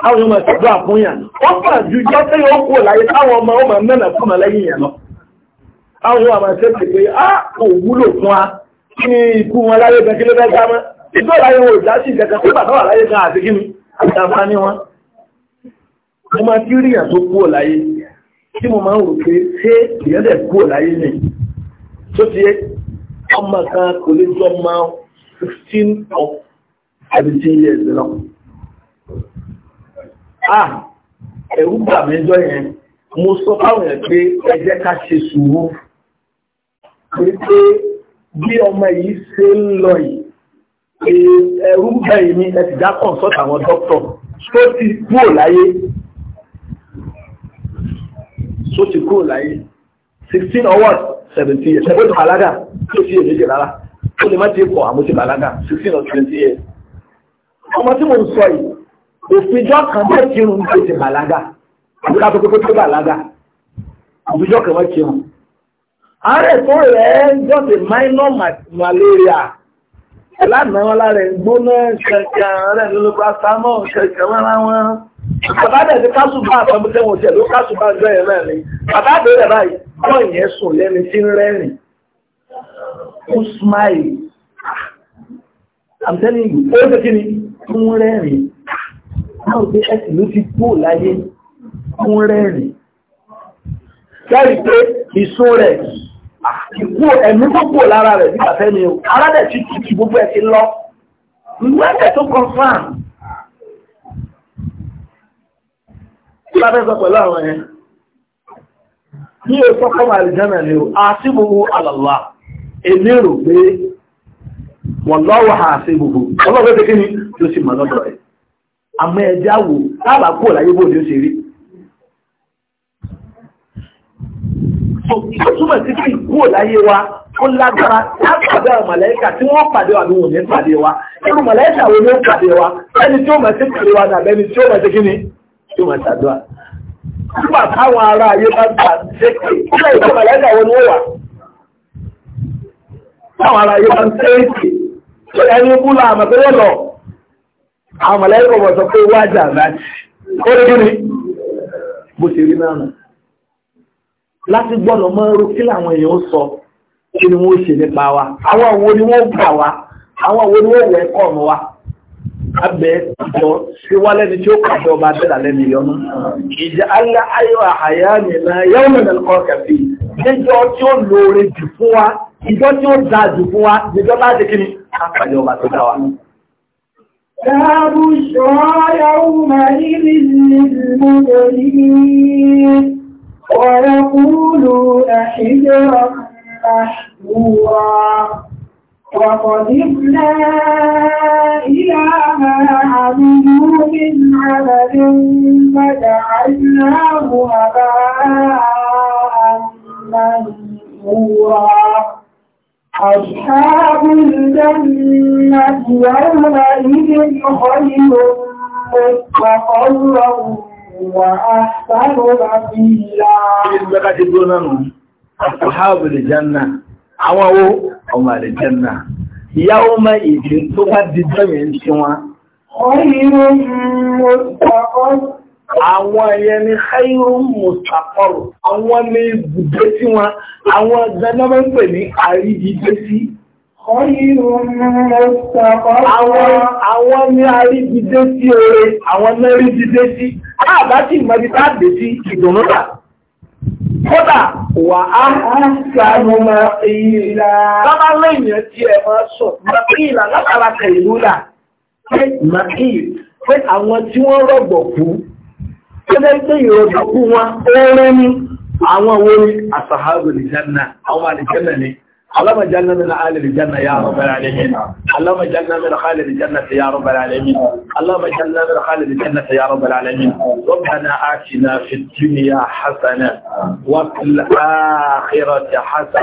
àwọn ọmọ ìṣẹ̀dọ́ àfúnyàn ó pà ju jọ́tẹ́ yóò kúrò láyé káwọn ọmọ ah, ọmọ mẹ́nà fún ọmọ lẹ́yìn yẹn lọ àwọn ọmọ ìṣẹ́ ti pé á ah, kò wúlò fún wa kí ni ikú wọn láyé gan kí ló fẹ́ gbá mọ́ ìjọ láyé wọn ò já sí ìjẹta tó bàbá wà láyé gan àti kí ni àtàfáàní wọn mo máa kí ríyàn tó kúrò láyé tí mo máa ń rò pé ṣé ìyẹn dẹ̀ kúrò láyé nìyí tó ti yé ọmọ kan kò lè jọ ma sixteen of seventeen years lọ. ah ẹ̀rù bà mí jọ yẹn mo sọ fáwọn yẹn pé ẹ jẹ́ ká ṣe sùúrù pé pé bí ọmọ yìí ṣe ń lọ yìí ẹ̀rú bẹ̀yìn ni ẹ ti dá consult àwọn dókítọ̀ tó ti kúrò láyé tó ti kúrò láyé sixteen or what seventy years òfìjọ́ kan bẹ́ẹ̀ ti rún bẹ́ẹ̀ ti bàlágà àbí tó pé tó bàlágà òfìjọ́ kan bẹ́ẹ̀ ti rún. àárẹ̀ tó rẹ̀ just a minor malaria lánàá lára ẹ̀ gbóná rẹ̀ lólobá sámọ̀ kankan bàbá náà ti kásù bá àpamọ́ tẹ́wọ̀n tiẹ̀ ló kásù bá ọjọ́ yẹn náà ni bàbá àbẹ̀rẹ̀ báyìí kọ́ ìyẹn sùn lẹ́ni tí ń rẹ́rìn ó smile I'm telling you ó ṣe kí ni ń rẹ́rìn náà pé ẹ̀sìn ló ti kú láyé ń rẹ́rìn kẹ́rì pé ìsún rẹ̀ ìkú ẹ̀mí tó kú lára rẹ̀ nígbà fẹ́ mi o aládẹ̀ ti tutù gbogbo ẹ̀ ti lọ ìwé ẹ̀sẹ̀ tó confam bá fẹ́ sọ pẹ̀lú àwọn yẹn ní èso kọ́mà àlìjánà ni ó àti gbogbo àlàlá èmi pé wọ́n lọ́wọ́ gbogbo ọlọ́wọ́ kí ni tó sì mọ̀ lọ́dọ̀ rẹ̀ àmọ́ ẹ̀jẹ̀ àwò ọ̀láyé ṣe rí sí ìkú ọ̀láyé wa ó lágbára yóò máa ṣàdúrà. Nígbà táwọn ará ayé bá gbà ṣépè, ilé ìjọba ìlẹ́gà wọn ni ó wà. Táwọn ará ayé bá ń ṣépè, ṣé ẹni bú la àmọ̀ lọ? Àwọn sọ pé wájà láti. Ó lé kí Bó ṣe rí náà Láti gbọ́dọ̀ mọ́ sọ kí ni wọ́n ṣe nípa wa. Àwọn wo ni gbà wa? Àwọn wo ni ọ̀nà abẹ́ ìjọ tí wá lẹ́ni tí ó kàjọ ọba dẹ́dà lẹ́ni yọnu ìjà alá ayọ̀ àyà nìlá yẹ́wò mẹ́lẹ̀ kọ́ kẹfì níjọ tí ó lóore jù fún wa ìjọ tí ó dáa jù fún wa níjọ bá dé kíni àkàjọ ọba tó dá wa. Dáàbù ṣọ́ọ́ yàwó máa ní ìlú ìlú وقدمنا إلى ما عملوا من عمل فجعلناه هباء منثورا أصحاب الجنة يومئذ خير مستقرا وأحسن مقيلا. أصحاب الجنة àwọn owó ọmọ àlìjẹ́nà ìyàwó mẹ́ ìdí tó wá dìjọ́ yẹn sí wọn àwọn ẹ̀yẹ ni khairun mustaqarr àwọn ní ibùgbé sí wọn àwọn gbanáwọ́ ń pè ní àríjígbé sí àwọn ní àríjígbé sí oore àwọn ní àríjígbé sí àbá tí ìmọ̀dítà dé sí kódà wà á sàánú ma ìlà lábá lẹ́yìn tí ẹ máa sọ ma ìlà látara kẹ̀lú là pé ma ìlà pé àwọn tí wọ́n rọ̀gbọ̀ kú ni اللهم اجعلنا من اهل الجنه يا رب العالمين اللهم اجعلنا من خالد الجنه يا رب العالمين اللهم اجعلنا من خالد الجنه يا رب العالمين ربنا اتنا في الدنيا حسنه وفي الاخره حسنه